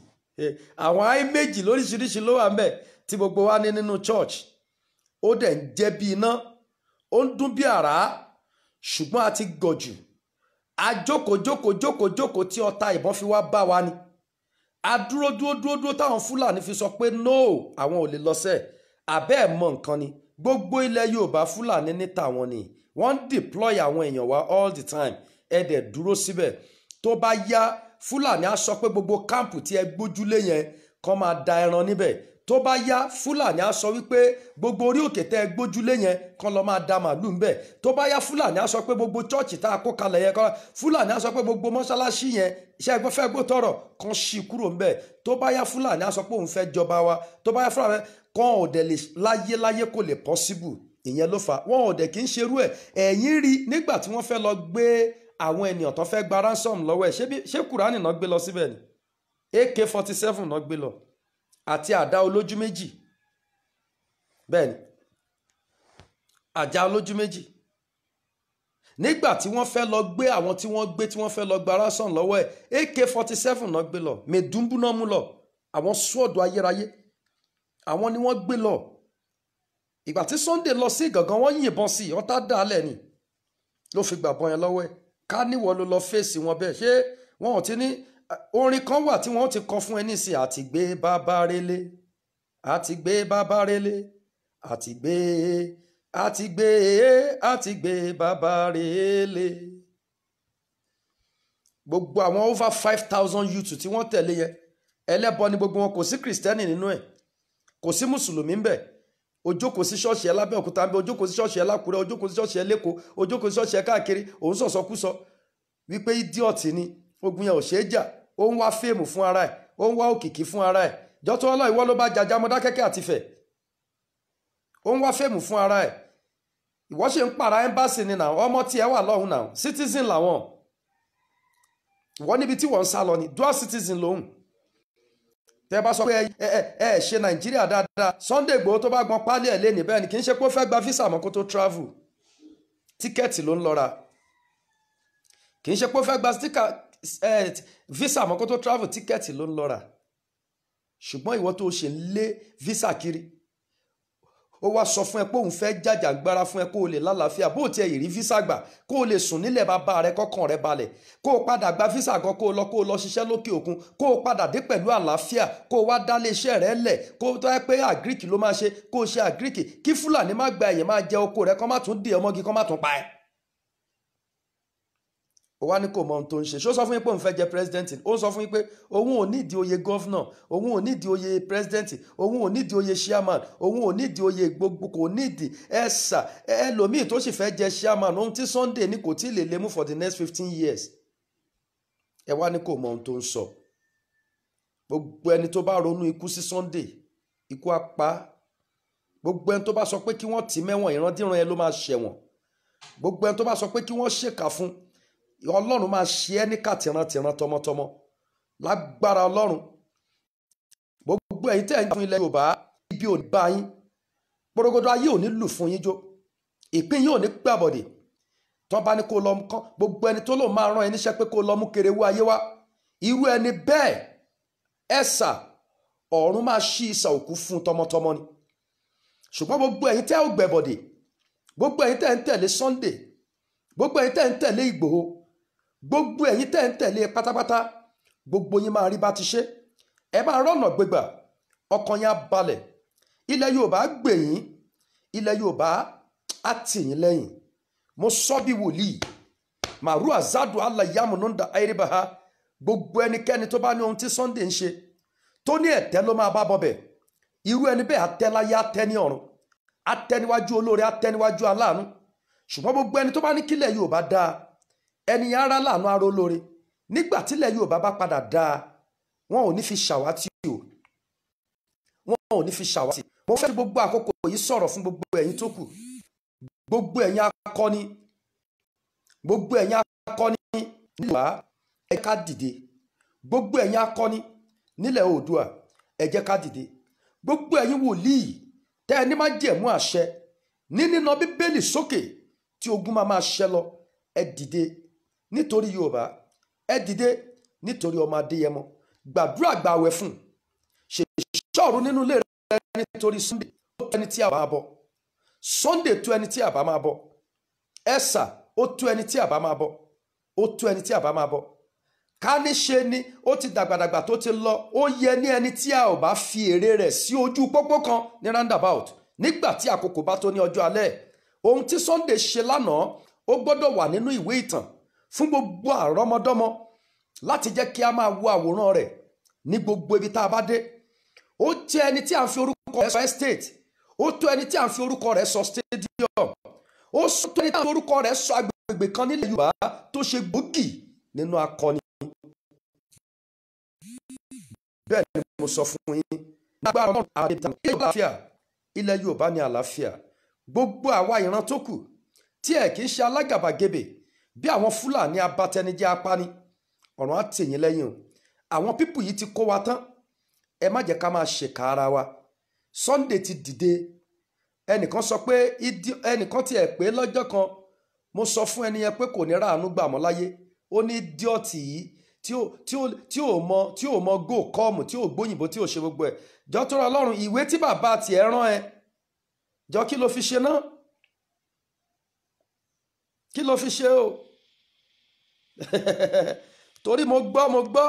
eh, àwọn ayé méjì lóríṣiríṣi ló wà ń tí gbogbo wa ní nínú church ó dẹ̀ ń jẹ́ bí iná ó ń dún bí àrá ṣùgbọ́n a ti gọ̀jù a jókòó tí ọta ìbọn fi wá bá wa ni a dúró dúró dúró dúró táwọn fúlàní fi sọ pé no àwọn ò lè lọ sẹ́ẹ̀ àbẹ́ ẹ̀ mọ nǹkan ni gbogbo ilẹ̀ yorùbá fúlàní ní tàwọn ni wọ́n ń deploy àwọn èèyàn wa all the time ẹ dẹ̀ dúró síbẹ̀ tó bá yá fúlàní á sọ pé gbogbo káàmpù tí ẹ gbójúlé yẹn kọ́ máa da ẹran níbẹ̀ tó bá yá fúlàní á sọ wípé gbogbo orí òkè tẹ́ ẹ gbójúlé yẹn kan lọ máa da màálù ń bẹ̀ tó bá yá fúlàní á sọ pé gbogbo chọ́ọ̀chì tá a kó kalẹ̀ yẹn kan fúlàní á sọ pé gbogbo mọ́ṣáláṣí yẹn iṣẹ́ ẹgbẹ́ fẹ́ gbó tọrọ kan ṣí kúrò ń bẹ̀ tó bá yá fúlàní á sọ pé òun fẹ́ jọba wa tó bá yá fúlàní kan ò dẹ̀ lè láyé láyé kò lè possible ìyẹn ló fà wọn ò dẹ̀ kí ń ṣerú ẹ̀ ẹ̀yìn rí nígbà tí wọ́n fẹ́ lọ gbé àwọn ènìyàn tó fẹ́ gba ransom lọ́wọ́ ṣé kùránì náà gbé lọ síbẹ̀ ni ak forty seven náà gbé lọ àti àdá olójú méjì bẹ́ẹ̀ ni àjà olójú méjì nígbà tí wọ́n fẹ́ lọ gbé àwọn tí wọ́n gbé tí wọ́n fẹ́ lọ gba rásán lọ́wọ́ ẹ̀ ak forty seven náà gbé lọ mẹ̀dúnbù náà mú lọ àwọn sọ́ọ̀dù ayérayé àwọn ni wọ́n gbé lọ ìgbà tí Sunday lọ sí gangan wọ́n yìnbọn sí wọ́n tá dà á lẹ̀ ni ló fi gbàbọn yẹn lọ́wọ́ ẹ̀ ká níwọ̀ ló lọ fèsì wọn bẹ́ẹ̀ ṣé wọn ò ti ní orin kan wà tí wọ́n ti kọ fún ẹni sí àtìgbé bábárélé àtìgbé bábárélé àtìgbé àtìgbé àtìgbé bábárélé gbogbo àwọn over five thousand youths tí wọ́n tẹ̀lé yẹn ẹlẹ́bọ ni gbogbo wọn kò sí kìrìsìtẹ́nì nínú ẹ̀ kò sí mùsùlùmí ńbẹ̀ ojókòó sí ṣọ́ọ̀ṣì ẹlábẹ́òkúta ńbẹ̀ ojókòó sí ṣọ́ọ̀ṣì ẹlákùrẹ́ ojókòó sí ṣọ́ọ̀ṣì ẹlẹ́kọ̀ọ́ ojókòó sí ṣọ́ọ̀ṣì ẹkáàkiri òun sọ̀sọ́kúsọ wípé idiot ni ogun yẹn ò ṣeé jà ó ń wá fèèmù fún ara ẹ̀ ó ń wá òkìkí fún ara ẹ̀ jọ́tọ́ ọlọ́ ìwọ ló bá jàjà Mọdákẹ́kẹ́ àti Ifẹ̀ ó ń wá fèèmù fún ara ẹ̀ ìwọ ṣe ń para ẹ́mbáàsì ni nà ọmọ tí ẹ wà lọ́hùn nà citizen làwọn ìwọ níbi tí wọ́n ń sá lọ ni dual citizen lòun tẹ bá sọ pé ẹ ẹ ẹ ṣe Nàìjíríà dáadáa Sunday Igboho tó bá gbọn pálí ẹ lẹ́nu bẹ́ẹ̀ ni kì í ṣe pé ó fẹ́ gba visa mọ́ kó tó travel tíkẹ́ẹ̀tì ló ń lọ ra kì í ṣe pé ó fẹ́ gba Eh, visa mọ́kọ́ tó travel ticket ló ń lọ rà ṣùgbọ́n ìwọ tó ṣe ń lé visa kiri ó wá sọ fún ẹ pé òun fẹ́ jàjàgbara fún ẹ kó o lè lálàáfíà bó o tiẹ̀ rí físà gbà kó o lè sùn nílẹ̀ bàbá rẹ kọ́kàn rẹ balẹ̀ kó o padà gba físà gan kó o lọ kó o lọ ṣiṣẹ́ lókè òkun kó o padà dé pẹ̀lú àlàáfíà kó o wá dálé iṣẹ́ rẹ lẹ̀ kó o tọ́ pé àgíríkì ló máa ṣe kó o ṣe àgíríkì kí fúlàní má gba ẹ̀yẹ̀ máa jẹ oko rẹ kó má tún dè ọmọge kó má tún pa ẹ́ ó wá ní kò mọ ohun tó ń ṣe ṣó sọ fún yín pé òun fẹ́ jẹ president ó sọ fún yín pé òun ò nídìí oyè governor òun ò nídìí oyè president òun ò nídìí oyè chairman òun ò nídìí oyè gbogbo kò nídìí ẹ̀sà ẹlòmíì tó sì fẹ́ jẹ chairman ohun tí Sunday ní kò tí ì lè lè mú for the next fifteen years ẹ wá ní kò mọ ohun tó ń sọ gbogbo ẹni tó bá ronú ikú sí Sunday ikú apá gbogbo ẹni tó bá sọ pé kí wọ́n tì mẹ́wọ̀n ìrandíran ẹ ló máa ṣẹ̀wọ̀n gbogbo ẹni tó bá sọ pé kí wọ́n ṣèkà fún ọlọ́run máa ṣe ẹ́ ní kàtìrántìrán tọmọtọmọ lágbára ọlọ́run gbogbo ẹ̀yin tẹ́ ẹ̀ ń fún ilẹ̀ yorùbá ibi ò ní bá yín gbọ́dọ̀gbọ́dọ̀ ayé ò ní lù fún yín jó ìpín yín ò ní gbàbọ̀dè tọ́ bá ní kó lọ kán gbogbo ẹni tó lò máa rán ẹ níṣẹ́ pé kó lọ mú kéré wú ayé wá irú ẹni bẹ́ẹ̀ ẹ̀sà ọ̀run máa ṣí ìsà òkú fún tọmọtọmọ ni ṣùgbọ́n gbogbo ẹ̀yin tẹ́ ò gbẹ̀bọ̀dè gbogbo ẹ̀yin tẹ́ ń tẹ̀lé Sunday gbogbo ẹ̀yin tẹ́ ń tẹ̀lé Ìgbòho gbogbo ẹ̀yin tẹ́ ń tẹ̀lé e pátápátá gbogbo yín máa rí bá ti ṣe ẹ máa rọ́nà gbégbà ọkàn yín á balẹ̀ ilẹ̀ Yorùbá gbè ilẹ̀ Yorùbá á tì lẹ́yìn mo sọ bí wòlíì màrú àzádùn aláyàmù nùdà àìríbáha gbogbo ẹnikẹ́ni tó bá ní ohun tí Sunday ń ṣe tó ní ẹ̀tẹ́ ló máa bá bọ̀bẹ̀ irú ẹni bẹ́ẹ̀ atẹ́láyé atẹ́ ní ọ̀run atẹ́niwájú olóore atẹ́niwájú aláàánú ṣùgbọ́n gbogbo ẹni tó bá ní kílẹ̀ Yorùbá dáa ẹni ara láàánú aró lóore nígbà tílẹ̀ Yorùbá bá padà dáa wọn ò ní fi ṣàwátì o wọn ò ní fi ṣàwátì mo fẹ́ gbogbo àkókò yìí sọ̀rọ̀ fún gbogbo ẹ̀yin tó kù gbogbo ẹ̀yin akọni gbogbo ẹ̀yin akọni nílùú wa ẹ ká dìde gbogbo ẹ̀yin akọni nílẹ̀ Oòduà ẹ jẹ́ ká dìde gbogbo ẹ̀yin wòlíì tẹ́ ẹni má jẹ̀mú àṣẹ ní nínà Bíbélì sókè tí ogun máa máa ṣẹ lọ ẹ dìde nítorí yorùbá ẹ dìde nítorí ọmọ adéyẹmọ gbàdúrà gbàwẹ̀ fún ṣèṣọ́ọ̀rù nínú ilé rẹ nítorí sunday tó ẹni tí a bá bọ sunday tó ẹni tí a bá máa bọ ẹsà ó tó ẹni tí a bá máa bọ ó tó ẹni tí a bá máa bọ ká ni ó ti dàgbàdàgbà tó ti lọ ó yẹ ní ẹni tí a ò bá fi èrè rẹ̀ sí ojú pópó kan ní roundabout nígbà tí àkókò bá tó ní ọjọ́ alẹ́ ohun tí sunday ṣe lánàá ó gbọ́dọ̀ wà nínú ìwé ìtàn fún gbogbo àrọ́mọdọ́mọ láti jẹ́ kí a máa wo àwòrán rẹ̀ ní gbogbo ibi tá a bá dé ó jẹ́ ẹni tí a ń fi orúkọ rẹ̀ sọ estate ó tó ẹni tí a ń fi orúkọ rẹ̀ sọ stadium ó tó ẹni tí a ń fi orúkọ rẹ̀ sọ agbègbè kan nílẹ̀ Yorùbá tó ṣe gbòógì nínú akọni bẹ́ẹ̀ ni mo sọ fún yín lágbára ọmọ àti ìtàn ilẹ̀ àlàáfíà ilẹ̀ Yorùbá ní àlàáfíà gbogbo àwa ìran tó kù tí ẹ̀ kì í ṣe alágàbàgebè bí àwọn fúlàní abatẹnijẹ́ apani ọ̀ràn á tèyìn lẹ́yìn o àwọn pípù yìí ti kó wa tán ẹ má jẹ́ ká máa ṣèkà ara wa Sunday ti dìde ẹnìkan sọ pé ẹnìkan tiẹ̀ pé lọ́jọ́ kan mo sọ fún ẹni yẹn pé kò ní ráàánú gbà mọ́ láyé ó ní díọ̀tì yìí tí ò mọ tí ò mọ go kọ́ọ̀mù tí ò gbóyìnbó tí ò ṣe gbogbo ẹ̀ jọ tó ra ọlọ́run ìwé tí bàbá tiẹ̀ rán ẹ jọ kí ló fi ṣe náà kí ló fi ṣe o. torí mo gbọ́ mo gbọ́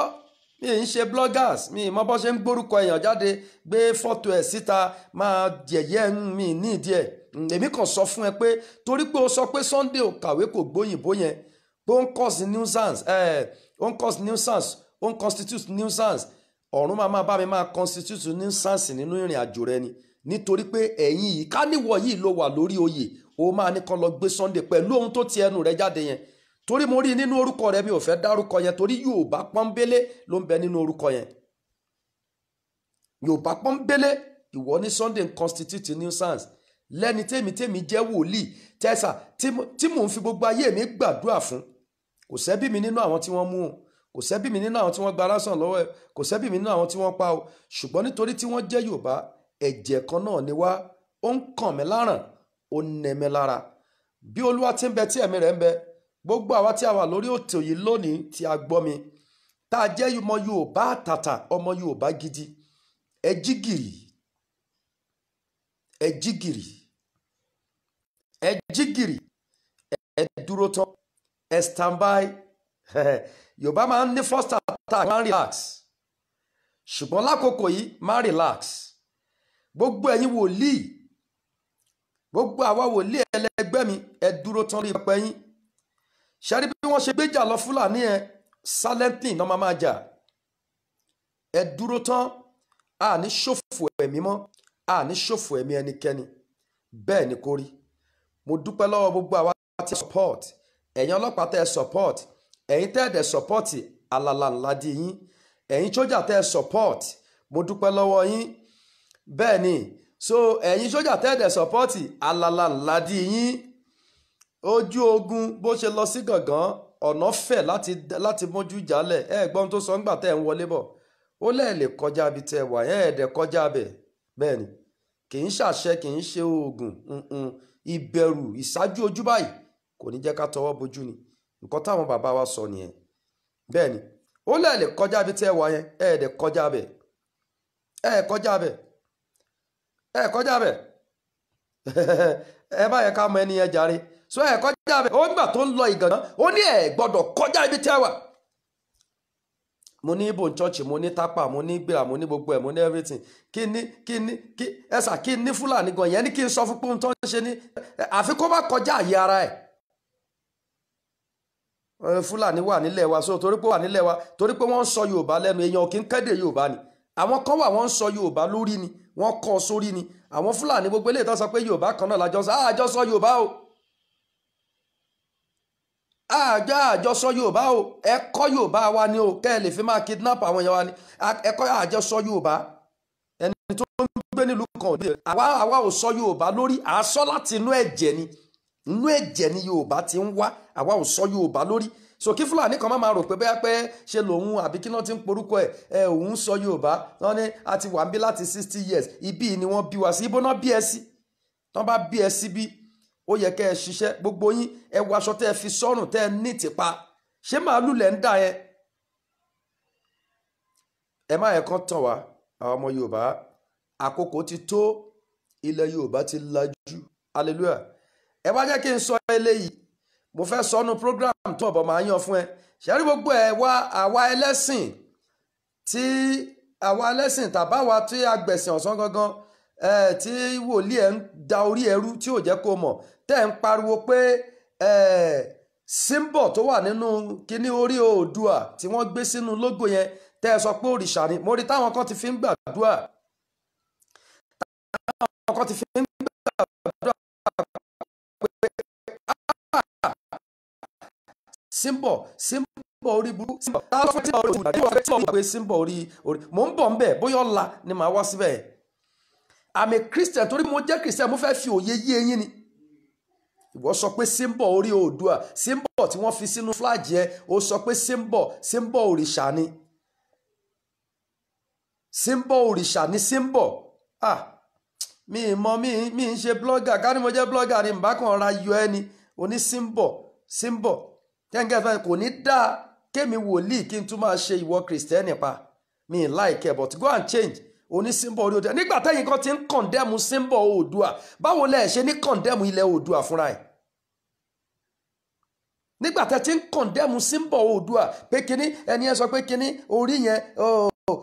mi ń ṣe bloggers mi mọ bó ṣe ń gbórúkọ èèyàn jáde gbé fọ́tò ẹ̀ síta máa dẹ̀yẹ́ mi ní ìdí ẹ̀ èmi kàn sọ fún ẹ pé torí pé o sọ pé Sunday ò kàwé kò gbóyìnbó yẹn pé ó ń cause nuisance ẹ̀ ó cause nuisance ó ń nuisance ọ̀run máa máa bá mi máa constitute nuisance nínú ìrìn àjò rẹ ni nítorí pé ẹ̀yin yìí ká níwọ̀ yìí ló wà lórí oyè o máa ní kàn lọ gbé Sunday pẹ̀lú ohun tó ti ẹnu rẹ jáde yẹn torí mo rí nínú orúkọ rẹ mi ò fẹ́ dárúkọ yẹn torí Yorùbá pọ́nbélé ló ń bẹ nínú orúkọ yẹn Yorùbá pọ́nbélé ìwọ ní Sunday constitute nuisance lẹ́ni tèmi tèmi jẹ́ wòlíì tẹ́sà tí mò ń fi gbogbo ayé mi gbàdúrà fún kò sẹ́bí mi nínú àwọn tí wọ́n mú o kò sẹ́bí mi nínú àwọn tí wọ́n gba lásán lọ́wọ́ ẹ̀ kò sẹ́bí mi nínú àwọn tí wọ́n pa o ṣùgbọ́n nítorí tí wọ́n jẹ́ Yorùbá ẹ̀jẹ̀ kan náà ni wá ó ń kàn mí láràn ó ń nẹ mí lára bí Olúwa ti ń bẹ tí ẹ̀mí rẹ̀ ń bẹ gbogbo àwa tí a wà lórí òtò yìí lónìí tí a gbọ́ mi tá a jẹ́ ọmọ Yorùbá àtàtà ọmọ Yorùbá gidi ẹ jí gìrì ẹ jí gìrì ẹ jí gìrì ẹ dúró tán ẹ stand by Yorùbá máa ń ní first attack máa ń relax ṣùgbọ́n lákòókò yìí máa ń relax gbogbo ẹ̀yin wòlíì gbogbo àwa wòlíì ẹlẹgbẹ́ mi ẹ dúró tán lórí pẹ́yìn ṣẹ́rí bí wọ́n ṣe gbéjà lọ fúlàní ẹ silently náà máa máa jà ẹ dúró tán a ní ṣòfò ẹ̀mí mọ́ a ní ṣòfò ẹ̀mí ẹnikẹ́ni bẹ́ẹ̀ ni kò rí mo dúpẹ́ lọ́wọ́ gbogbo àwa tí ẹ support ẹ̀yin ọlọ́pàá tẹ́ ẹ support ẹ̀yin tẹ́ ẹ dẹ̀ support alala ńlá di yín ẹ̀yin sójà tẹ́ ẹ support mo dúpẹ́ lọ́wọ́ yín bẹ́ẹ̀ ni so ẹ̀yin sójà tẹ́ ẹ dẹ̀ support alala ńlá di yín ojú ogun bó ṣe lọ sí gàngán ọ̀nà fẹ̀ láti láti mójú jálẹ̀ ẹ gbọ́n tó sọ ńgbà tẹ́ ń wọlé bọ̀ ó lẹ́ẹ̀ lè kọjá ibi tẹ́ wà ẹ̀ ẹ̀dẹ̀ kọjá bẹ̀ bẹ́ẹ̀ ni kì í ṣàṣẹ kì í ṣe oògùn ìbẹ̀rù ìṣáájú ojú báyìí kò ní jẹ́ ká tọwọ́ bojú ni nǹkan táwọn bàbá wa sọ nìyẹn bẹ́ẹ̀ ni ó lẹ́ẹ̀ lè kọjá ibi tẹ́ wà yẹn ẹ̀ẹ̀dẹ̀ kọjá bẹ̀ ẹ̀ kọjá bẹ̀ ẹ̀ kọjá bẹ̀ ẹ bá ká mọ ẹni yẹn jàre so ẹ kọjá bẹ ó gbà tó ń lọ ìgànnà ó ní ẹ gbọ́dọ̀ kọjá ibi tí a wà mo ní ibo church mo ní tapa mo ní gbéra mo ní gbogbo ẹ mo ní everything kí ni kí ni kí ẹsà kí ni fúlàní gan yẹn ni kí n sọ fún pọ́n tó ń ṣe ní àfi kó má kọjá àyè ara ẹ̀ fúlàní wà nílẹ̀ wa so torí pé wà nílẹ̀ wa torí pé wọ́n ń sọ yorùbá lẹ́nu èèyàn kì í kéde yorùbá ni àwọn kan wà wọ́n ń sọ yorùbá lórí ni wọ́n kọ́ sórí ni àwọn fúlàní gbogbo eléyìí tó sọ pé yorùbá kan náà lájọ sọ àjọ ah, sọ yorùbá o àjọ àjọsọ yorùbá o ẹ̀kọ́ yorùbá wa ni o kẹ́ ẹ lè fi máa kidnap àwọn èèyàn wa ni ẹ̀kọ́ àjọsọ yorùbá ẹni tó ń gbé nílùú kan òde àwa àwa ò sọ yorùbá lórí àsọ láti inú ẹ̀jẹ̀ ni inú ẹ̀jẹ̀ ni yorùbá ti ń wá àwa ò sọ yorùbá lórí so kí fúlàní kan má máa rò pé bóyá pé ṣe lòun àbí kí náà ti ń porúkọ ẹ ẹ òun sọ yorùbá wọn ni a ti wà ń bí láti sixty years Ibi ni wọ́n bí wa sí ibó náà bí ẹ sí tán bá bí ẹ sí bí ó yẹ kẹ́ ẹ ṣiṣẹ́ gbogbo yín ẹ wọ aṣọ tẹ́ ẹ fi sọ́rùn tẹ́ ẹ ní tìpa ṣé màálù lẹ̀ ń dà yẹn ẹ má yẹ kán tàn wá àwọn ọmọ yorùbá àkókò ti tó ilẹ̀ yorùbá ti lajú hallelujah ẹ wá jẹ́ kí n sọ eléyìí mo fẹ́ sọnù program tó ọ̀bọ̀ máa yan fún ẹ ṣẹ́rí gbogbo ẹ̀ wá àwa ẹlẹ́sìn tí àwa ẹlẹ́sìn tàbáwa tí a gbẹ̀sìn ọ̀sán gangan tí wòlíì ẹ̀ ń da orí ẹrú tí ò jẹ́ kó mọ̀ tẹ́ ń pariwo pé símbọ̀ tó wà nínú kíní orí oòdùà tí wọ́n gbé sínú lógo yẹn tẹ́ ẹ sọ pé òrìṣà ni mo rí táwọn kan ti fi ń gbàdúrà táwọn kan ti fi ń gbàdúrà pé ah, símbọ̀ símbọ̀ orí burú símbọ̀ táwọn kan ti fi ń gbàdúrà pé símbọ̀ orí mo ń bọ̀ ń bẹ̀ bóyá ọ̀la ni màá wá síbẹ̀ àmì christian torí mo jẹ́ christian mo fẹ́ fi òye yí eyín ni ìwọ sọ pé símbọ̀ orí oòdùà símbọ̀ tí wọ́n fi sínú fúláàjì ẹ o sọ pé símbọ̀ símbọ̀ òrìṣà ni símbọ̀ òrìṣà ni símbọ̀ ah mi mọ mi mi ń ṣe blọ́gà ká ní mo jẹ́ blọ́gà ni mbà kan ra yọ ẹni oní símbọ̀ símbọ̀ kẹ́ńkẹ́ fẹ́ kò ní dáa kémi wòlíì kí n tún máa ṣe ìwọ kìrìsìtẹ́nì pa mi láìkẹ́ like but go and change onísímbọ̀ orí oòdùà nígbà tẹ́yìn kan ti ń condemn símbọ̀ oòdùà báwo lẹ̀ ṣe ní kọ̀ndẹ́mù ilẹ̀ oòdùà fúnra ẹ̀ nígbà tẹ́ ti ń kọ̀ndẹ́mù símbọ̀ oòdùà pé kínní ẹni ẹ sọ pé kínní orí yẹn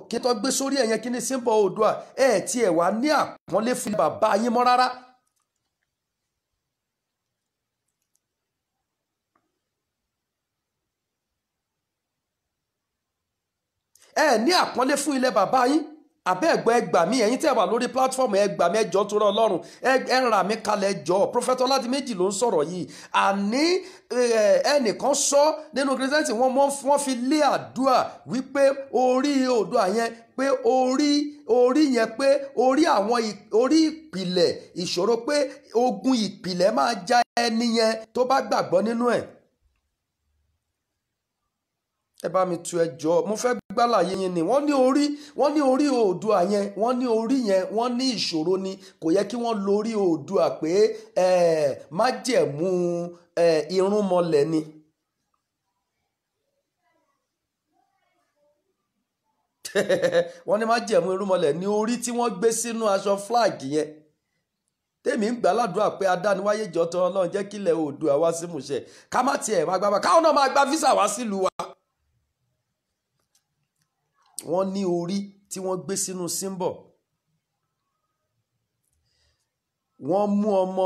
kí tó gbé sórí ẹ̀yẹn kínní símbọ̀ oòdùà ẹ̀ tiẹ̀ wá ní àpọ́nlé fún bàbá yín mọ́ rárá. ẹ ní àpọ́nlé fún ilẹ̀ bàbá yín abẹ́ẹ̀gbọ́ ẹgbà mí ẹ̀yin tẹ́ wà lórí platform ẹgbà mi ẹjọ́ torí ọlọ́run ẹ ra mi kalẹ̀ ẹjọ́ prophet ọládìméjì ló ń sọ̀rọ̀ yìí àní eh, ẹnìkan sọ nínú christianity wọ́n fi lé àdúrà wípé orí odò àyẹn pé orí orí yẹn pé orí àwọn orí ìpìlẹ̀ ìṣòro pé ogun ìpìlẹ̀ máa ja ẹni yẹn tó bá gbàgbọ́ nínú ẹ̀ ẹ bá mi tu ẹjọ́ mo fẹ́ gbàlàyé yẹn ni wọ́n ní orí wọ́n ní orí oòdùà yẹn wọ́n ní orí yẹn wọ́n ní ìṣòro ni kò yẹ kí wọ́n lórí oòdùà pé májẹ̀mú irúnmọlẹ̀ ni. wọ́n ní májẹ̀mú irúnmọlẹ̀ ní orí tí wọ́n gbé sínú aṣọ flag yẹn tèmi ń gbàládùá pé adániwáyé jọtọ Ọlọ́run jẹ́ kílẹ̀ oòdùà wá sí mùṣẹ ká má tiẹ̀ máa gbá káwọn náà máa gba físà wá sílùú wa wọ́n ní orí tí wọ́n gbé sínú símbọ̀ wọ́n mú ọmọ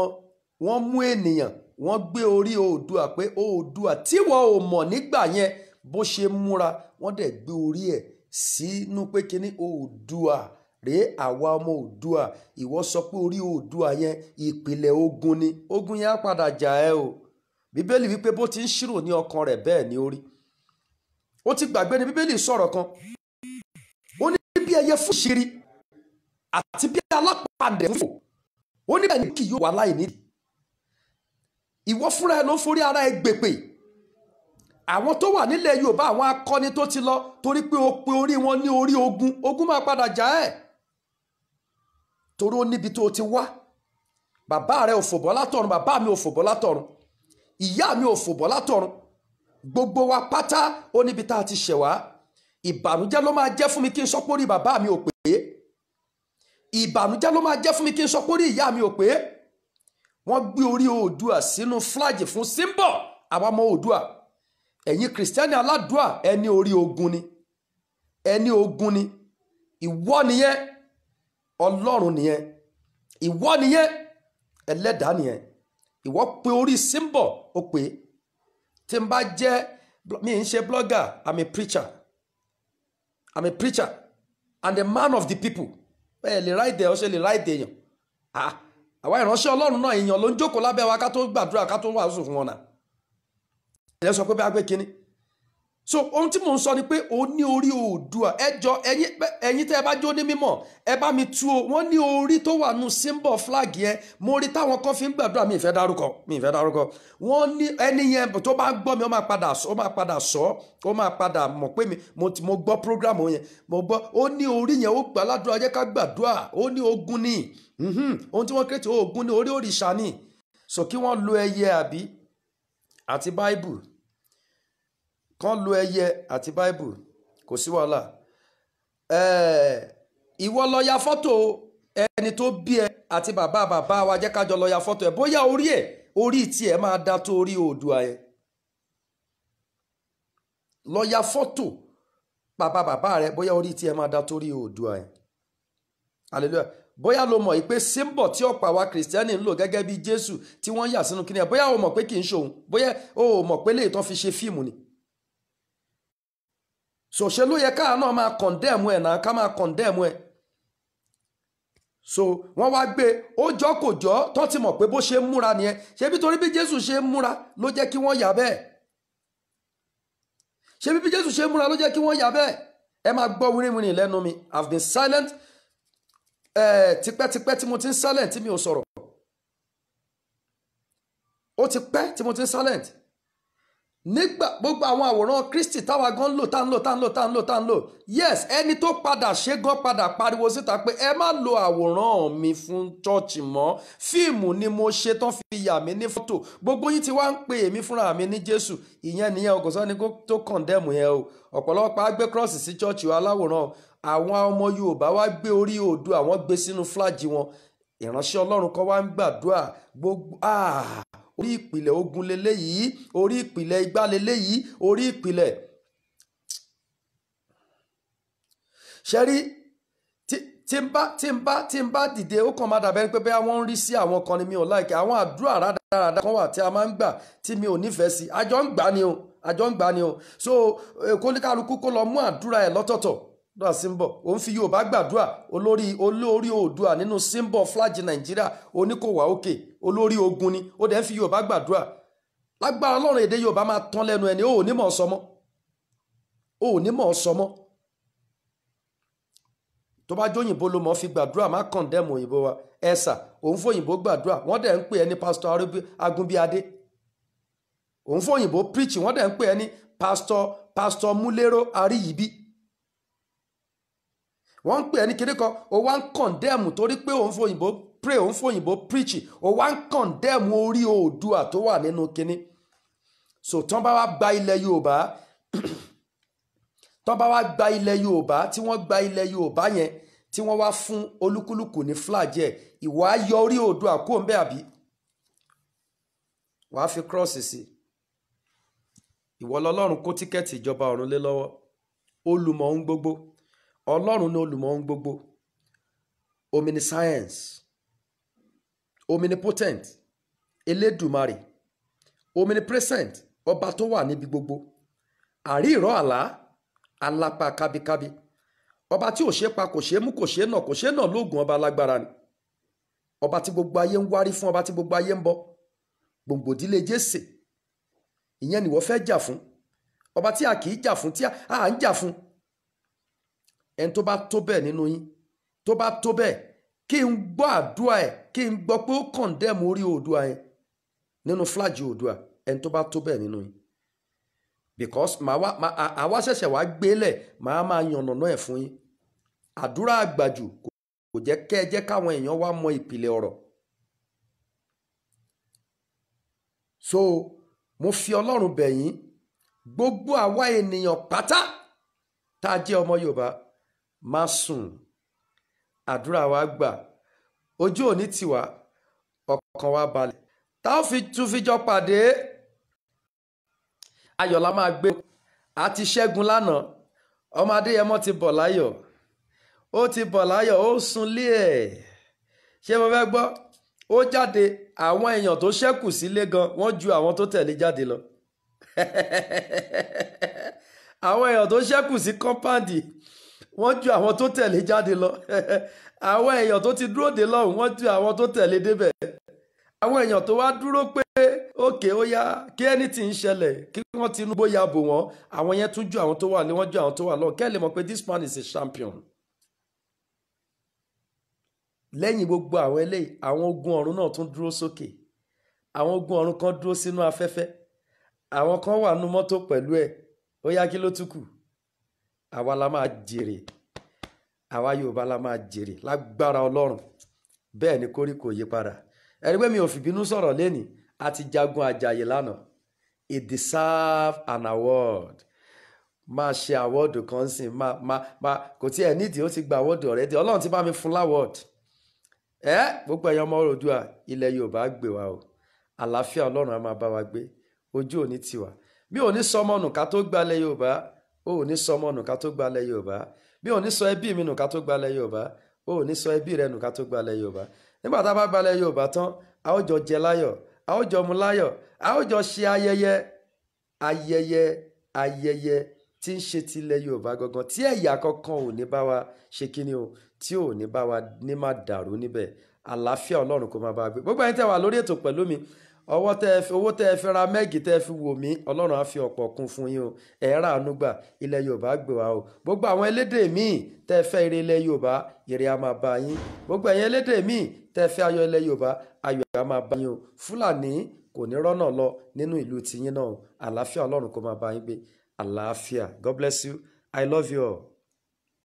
wọ́n mú ènìyàn wọ́n gbé orí oòdùà pé oòdùà tí wọ́n ò mọ̀ nígbà yẹn bó ṣe múra wọ́n dẹ̀ gbé orí ẹ̀ sínú pé kíní oòdùà rèé àwa ọmọ oòdùà ìwọ sọ pé orí oòdùà yẹn ìpìlẹ̀ ogun ni ogun yẹn á padà jà ẹ́ o bíbélì wípé bó ti ń ṣírò ní ọkàn rẹ̀ bẹ́ẹ̀ ni ó rí ó ti gbàgbé ni bíbélì sọ̀rọ̀ kan ẹyẹ fún ìṣeré àti bí alápàdé fún fò ó ní bẹ́ẹ̀ ni kì yóò wà láì nídìí ìwọ fúnra ẹ ló ń forí ara ẹ gbèpè àwọn tó wà nílẹ̀ Yorùbá àwọn akọni tó ti lọ torí pé o pe orí wọn ní orí ogun ogun máa padà já ẹ torí ó níbi tó ti wá bàbá rẹ ò fòbọ́ látọ̀run bàbá mi ò fòbọ́ látọ̀run ìyá mi ò fòbọ́ látọ̀run gbogbo wa pátá ó níbi tá a ti ṣẹ̀ ìbànújẹ́ ló máa jẹ́ fún mi kí n sọ pé orí bàbá mi ò pé ìbànújẹ́ ló máa jẹ́ fún mi kí n sọ ìyá mi ò pé wọ́n gbé orí oòdùà sínú flag fún simbo àwọn ọmọ oòdùà ẹ̀yin kìrìsìtẹ́nì aládùà ẹni orí ogun ni ẹni ogun ni ìwọ nìyẹn ọlọ́run nìyẹn ìwọ nìyẹn ẹlẹ́dàá nìyẹn ìwọ pé orí símbọ̀ ó pé tí n bá jẹ́ mi ń ṣe blogger i'm a preacher i'm a preacher and a man of the people ẹ lè ráìdè ọṣẹ lè ráìdè èèyàn ah, àwa ìránṣẹ́ ọlọ́run náà èèyàn ló ń jókòó lábẹ́ wa ká tó gbàdúrà ká tó wàásù fún wọn náà. ẹ sọ pé bí a kínní so ohun tí mò ń sọ ni pé o ní orí oòdùà ẹjọ ẹ̀yin tẹ ẹ bá jó ní mímọ̀ ẹ bá mi tú o wọ́n ní orí tó wà nù símbọ̀ flag yẹn mo rí táwọn kan fi ń gbàdúrà mi ìfẹ́ dárúkọ mi ìfẹ́ dárúkọ wọ́n ní ẹni yẹn tó bá gbọ́ mi ó máa padà ó máa padà sọ ó máa padà mọ̀ pé mo gbọ́ program yẹn mo gbọ́ ó ní orí yẹn ó gbà ládùúrà jẹ́ ká gbàdúrà ó ní ogun ni mhm. ohun tí wọ́n kéré tí ogun ni orí òrìṣà ni so kí wọ́n lo ẹyẹ àbí àti Bible kán lo ẹyẹ àti bible kò sí wàhálà ìwọ lọ ya fọ́tò ẹni tó bí ẹ àti bàbá bàbá wa jẹ́ kájọ lọ ya fọ́tò ẹ bóyá orí ẹ orí tiẹ̀ máa da tó orí oòdùà ẹ lọ ya fọ́tò bàbá bàbá rẹ bóyá orí tiẹ̀ máa da tó orí oòdùà ẹ hallelujah bóyá lo mọ̀ pé símbọ̀ tí ọ̀pọ̀ àwa kìrìsìtẹ́nì ń lò gẹ́gẹ́ bí jésù tí wọ́n yà sínú kíni ẹ̀ bóyá o mọ̀ pé kì í ṣòun bóyá o mọ̀ pé lè fi ṣe fíìmù ni so ṣe ló yẹ káà náà máa kọ̀ndẹ́ẹ̀mù ẹ̀ náà ká máa kọ̀ndẹ́ẹ̀mù ẹ̀ so wọ́n wá gbé ó jọ́ kò jọ́ tó ti mọ̀ pé bó ṣe ń múra nìyẹn ṣebí torí bí Jésù ṣe ń múra ló jẹ́ kí wọ́n yà bẹ́ẹ̀ ṣebí bí Jésù ṣe ń múra ló jẹ́ kí wọ́n yà bẹ́ẹ̀ ẹ máa gbọ́ wíríwírí lẹ́nu mi I've been silent eh, tipẹ́tipẹ́ tí mo ti ń silent tí mi ò sọ̀rọ̀ ó ti pẹ́ tí mo ti ń silent nígbà gbogbo àwọn àwòrán Kristi táwa gan lò tá ń lò tá ń lò tá ń lò tá ń lò yes ẹni tó padà ṣe gan padà pariwo síta pé ẹ má lo àwòrán mi fún chọ́ọ̀chì mọ́ fíìmù ni mo ṣe tán fi yà mí ní fọ́tò gbogbo yín ti wá ń pè èmi fúnra mi ní Jésù ìyẹn nìyẹn ọkọ̀ sọ́ni tó kọ̀ǹdẹ́mù yẹn o ọ̀pọ̀lọpọ̀ á gbé kírọ́ọ̀sì sí chọ́ọ̀chì aláwòrán àwọn ọmọ Yorùbá wá gbé orí odò àwọn gbé sínú fúlájì wọn ìránṣẹ́ Ọlọ́run kan wá ń gbàdúrà gbogbo ah! orí ìpìlẹ̀ ogun leléyìí orí ìpìlẹ̀ igbá leléyìí orí ìpìlẹ̀ ṣẹ́rí tí n bá tí n bá tí n bá dìde ó kàn máa dàbẹ́ pé bẹ́ẹ̀ wọ́n ń rí sí àwọn kan ni mi ò láìka àwọn àdúrà rádaràdà kan wà tí a máa ń gbà tí mi ò nífẹ̀ẹ́ sí àjọ ń gbà ni o àjọ ń gbà ni o so eh, kóníkàlùkù kó lọ mú àdúrà ẹ̀ lọ́tọ̀ọ̀tọ̀ dọ́à símbọ̀ ó ń fi yorùbá gbàdúrà olórí olórí oòdùà nínú símbọ̀ flag nàìjíríà oníkòwà òkè olórí ogun ni ó dẹ̀ ń fi yorùbá gbàdúrà lágbára ọlọ́run èdè yorùbá máa tán lẹ́nu ẹ̀ ní ó ní mọ̀ sọmọ́ ó ní mọ̀ sọmọ́ tó bá jó òyìnbó ló mọ̀ fi gbàdúrà má kọ̀ǹdẹ́mù òyìnbó wa ẹ̀sà òun fòyìnbó gbàdúrà wọ́n dẹ̀ ń pè ẹ́ ní pásítọ̀ agunbíadé òun fòyìnbó píríkì wọ́n dẹ̀ ń pè ẹ́ ní pásítọ̀ pásítọ̀ múlẹ́rọ́ àríyíbí wọ́n ń pè ẹ́ ní kéde kan ó wá ń kọ̀ǹdẹ́mù torí pé òun fòyìnbó pray òun fòyìnbó preach ó wá ń condemn orí oòdùà tó wà nínú kínní so tán bá wá gba ilẹ̀ yorùbá tán bá wá gba ilẹ̀ yorùbá tí wọ́n gba ilẹ̀ yorùbá yẹn tí wọ́n wá fún olúkúlùkù ní flag ẹ̀ ìwà yọ orí oòdùà kó ń bẹ́ àbí wàá fi cross sí ìwọ lọlọ́run kó tíkẹ́ẹ̀tì ìjọba ọ̀run lé lọ́wọ́ olùmọ̀ ohun gbogbo ọlọ́run ní olùmọ̀ ohun gbogbo omi ni science omnipotent elédùmarè omnipresent ọba tó wà níbi gbogbo àrí ìrọ̀ àlá alapa kábíkábí ọba tí ò ṣe pa kò ṣe mú kò ṣe nà kò ṣe nà lóògùn ọba alágbára ni ọba tí gbogbo ayé ń wárí fún ọba tí gbogbo ayé ń bọ gbòǹgbò ìdílé jésè ìyẹn nìwọ fẹ́ jà fún ọba tí a kì í jà fún tí a ń jà fún ẹni tó bá tó bẹ́ẹ̀ nínú yín tó bá tó bẹ́ẹ̀ kí n gbọ́ àdúrà ẹ̀ kí n gbọ́ pé ó kọ̀ǹdẹ́mù orí Oòduà yẹn nínú fúlàjì Oòduà ẹni tó bá tó bẹ́ẹ̀ nínú yín because àwa ṣẹ̀ṣẹ̀ wá gbélẹ̀ màá máa yànnàná ẹ̀ fún yín àdúrà àgbàjù kò jẹ́ kẹ́ ẹ jẹ́ káwọn èèyàn wá mọ ìpìlẹ̀ ọ̀rọ̀ so mo fi ọlọ́run bẹ̀ yín gbogbo àwa ènìyàn pátá tá a jẹ́ ọmọ Yorùbá má sùn àdúrà wa gbà ojú òní tiwa ọkàn wa balẹ̀ tá ò fi tún fi jọ pàdé ayọ̀ la máa gbé àti ṣẹ́gun lánàá ọmọ adéyẹmọ ti bọ̀ láyọ̀ ó ti bọ̀ láyọ̀ ó sunlé ẹ̀ ṣé mo fẹ́ gbọ́ ó jáde àwọn èèyàn tó ṣẹ́kù sílé gan wọ́n ju àwọn tó tẹ̀lé jáde lọ àwọn èèyàn tó ṣẹ́kù sí kọ́ńpáàdì wọ́n ju àwọn tó tẹ̀lé jáde lọ àwọn èèyàn tó ti dúró dé lọ́hùn wọ́n ju àwọn tó tẹ̀lé débẹ̀ àwọn èèyàn tó wá dúró pé òkè ó yá kí ẹni tí ń ṣẹlẹ̀ kí wọ́n ti inúgbó ya bò wọ́n àwọn yẹn tún ju àwọn tó wà ní wọ́n ju àwọn tó wà lọ kẹ́lẹ̀ mọ̀ pé this man is a champion. lẹ́yìn gbogbo àwọn eléyìí àwọn ogun ọ̀run náà tún dúró sókè àwọn ogun ọ̀run kan dúró sínú afẹ́fẹ́ àwọn kan wà nú mọ́tò pẹ̀lú ẹ̀ ó yá kí ló tún kù àwa la máa jèrè àwa yorùbá la máa jèrè lágbára ọlọ́run bẹ́ẹ̀ ni kórí kò yí padà ẹ̀rí pé mi ò fìbínú sọ̀rọ̀ lẹ́nìí a ti jagun àjàyè lánàá it deserve an award máa ṣe àwọ́ọ̀dù kan sí máa máa máa kò tí ẹ̀ nídìí ó ti gba àwọ́ọ̀dù ọ̀rẹ́dì ọlọ́run ti bá mi fún láwọ́ọ̀dù ẹ gbogbo ẹ̀yàn ọmọ Oòduà ilẹ̀ yorùbá gbè wá o àlàáfíà ọlọ́run á máa bá wa gbé ojú òní tiwa mi ò ní sọmọnù ká tó gbalẹ̀ yorùbá o ò ní sọ ọmọ nù ká tó gbalẹ̀ yorùbá bí ò ní sọ ẹbí mi nù ká tó gbalẹ̀ yorùbá o ò ní sọ ẹbí rẹ nù ká tó gbalẹ̀ yorùbá nígbà tá a bá gbalẹ̀ yorùbá tán a ó jọ jẹ láyọ̀ a ó jọ mu láyọ̀ a ó jọ ṣe ayẹyẹ ayẹyẹ ayẹyẹ tí ń ṣe tilẹ̀ yorùbá gangan tí ẹ̀yà kankan ò ní bá wa ṣe kíni o tí ò ní bá wa ní má dàrú níbẹ̀ àlàáfíà ọlọ́run kó má bá a gbé gbogbo ẹni tẹ́ wà lórí ètò pẹ̀lú mi owó tẹ́ ẹ fi ra mẹ́gì tẹ́ ẹ fi wò mí ọlọ́run á fi ọ̀pọ̀ kún fún yín o ẹ̀ rà ánú gbà ilẹ̀ yorùbá gbè wá o gbogbo àwọn elédè míì tẹ́ ẹ fẹ́ ire ilẹ̀ yorùbá ire á máa bá yín gbogbo ẹ̀yin elédè míì tẹ́ ẹ fẹ́ ayọ̀ ilẹ̀ yorùbá ayọ̀ á máa bá yín o fúlàní kò ní rọ́nà lọ nínú ìlú tiyín náà àlàáfíà ọlọ́run kó máa bá yín gbé àlàáfíà god bless you i love you all.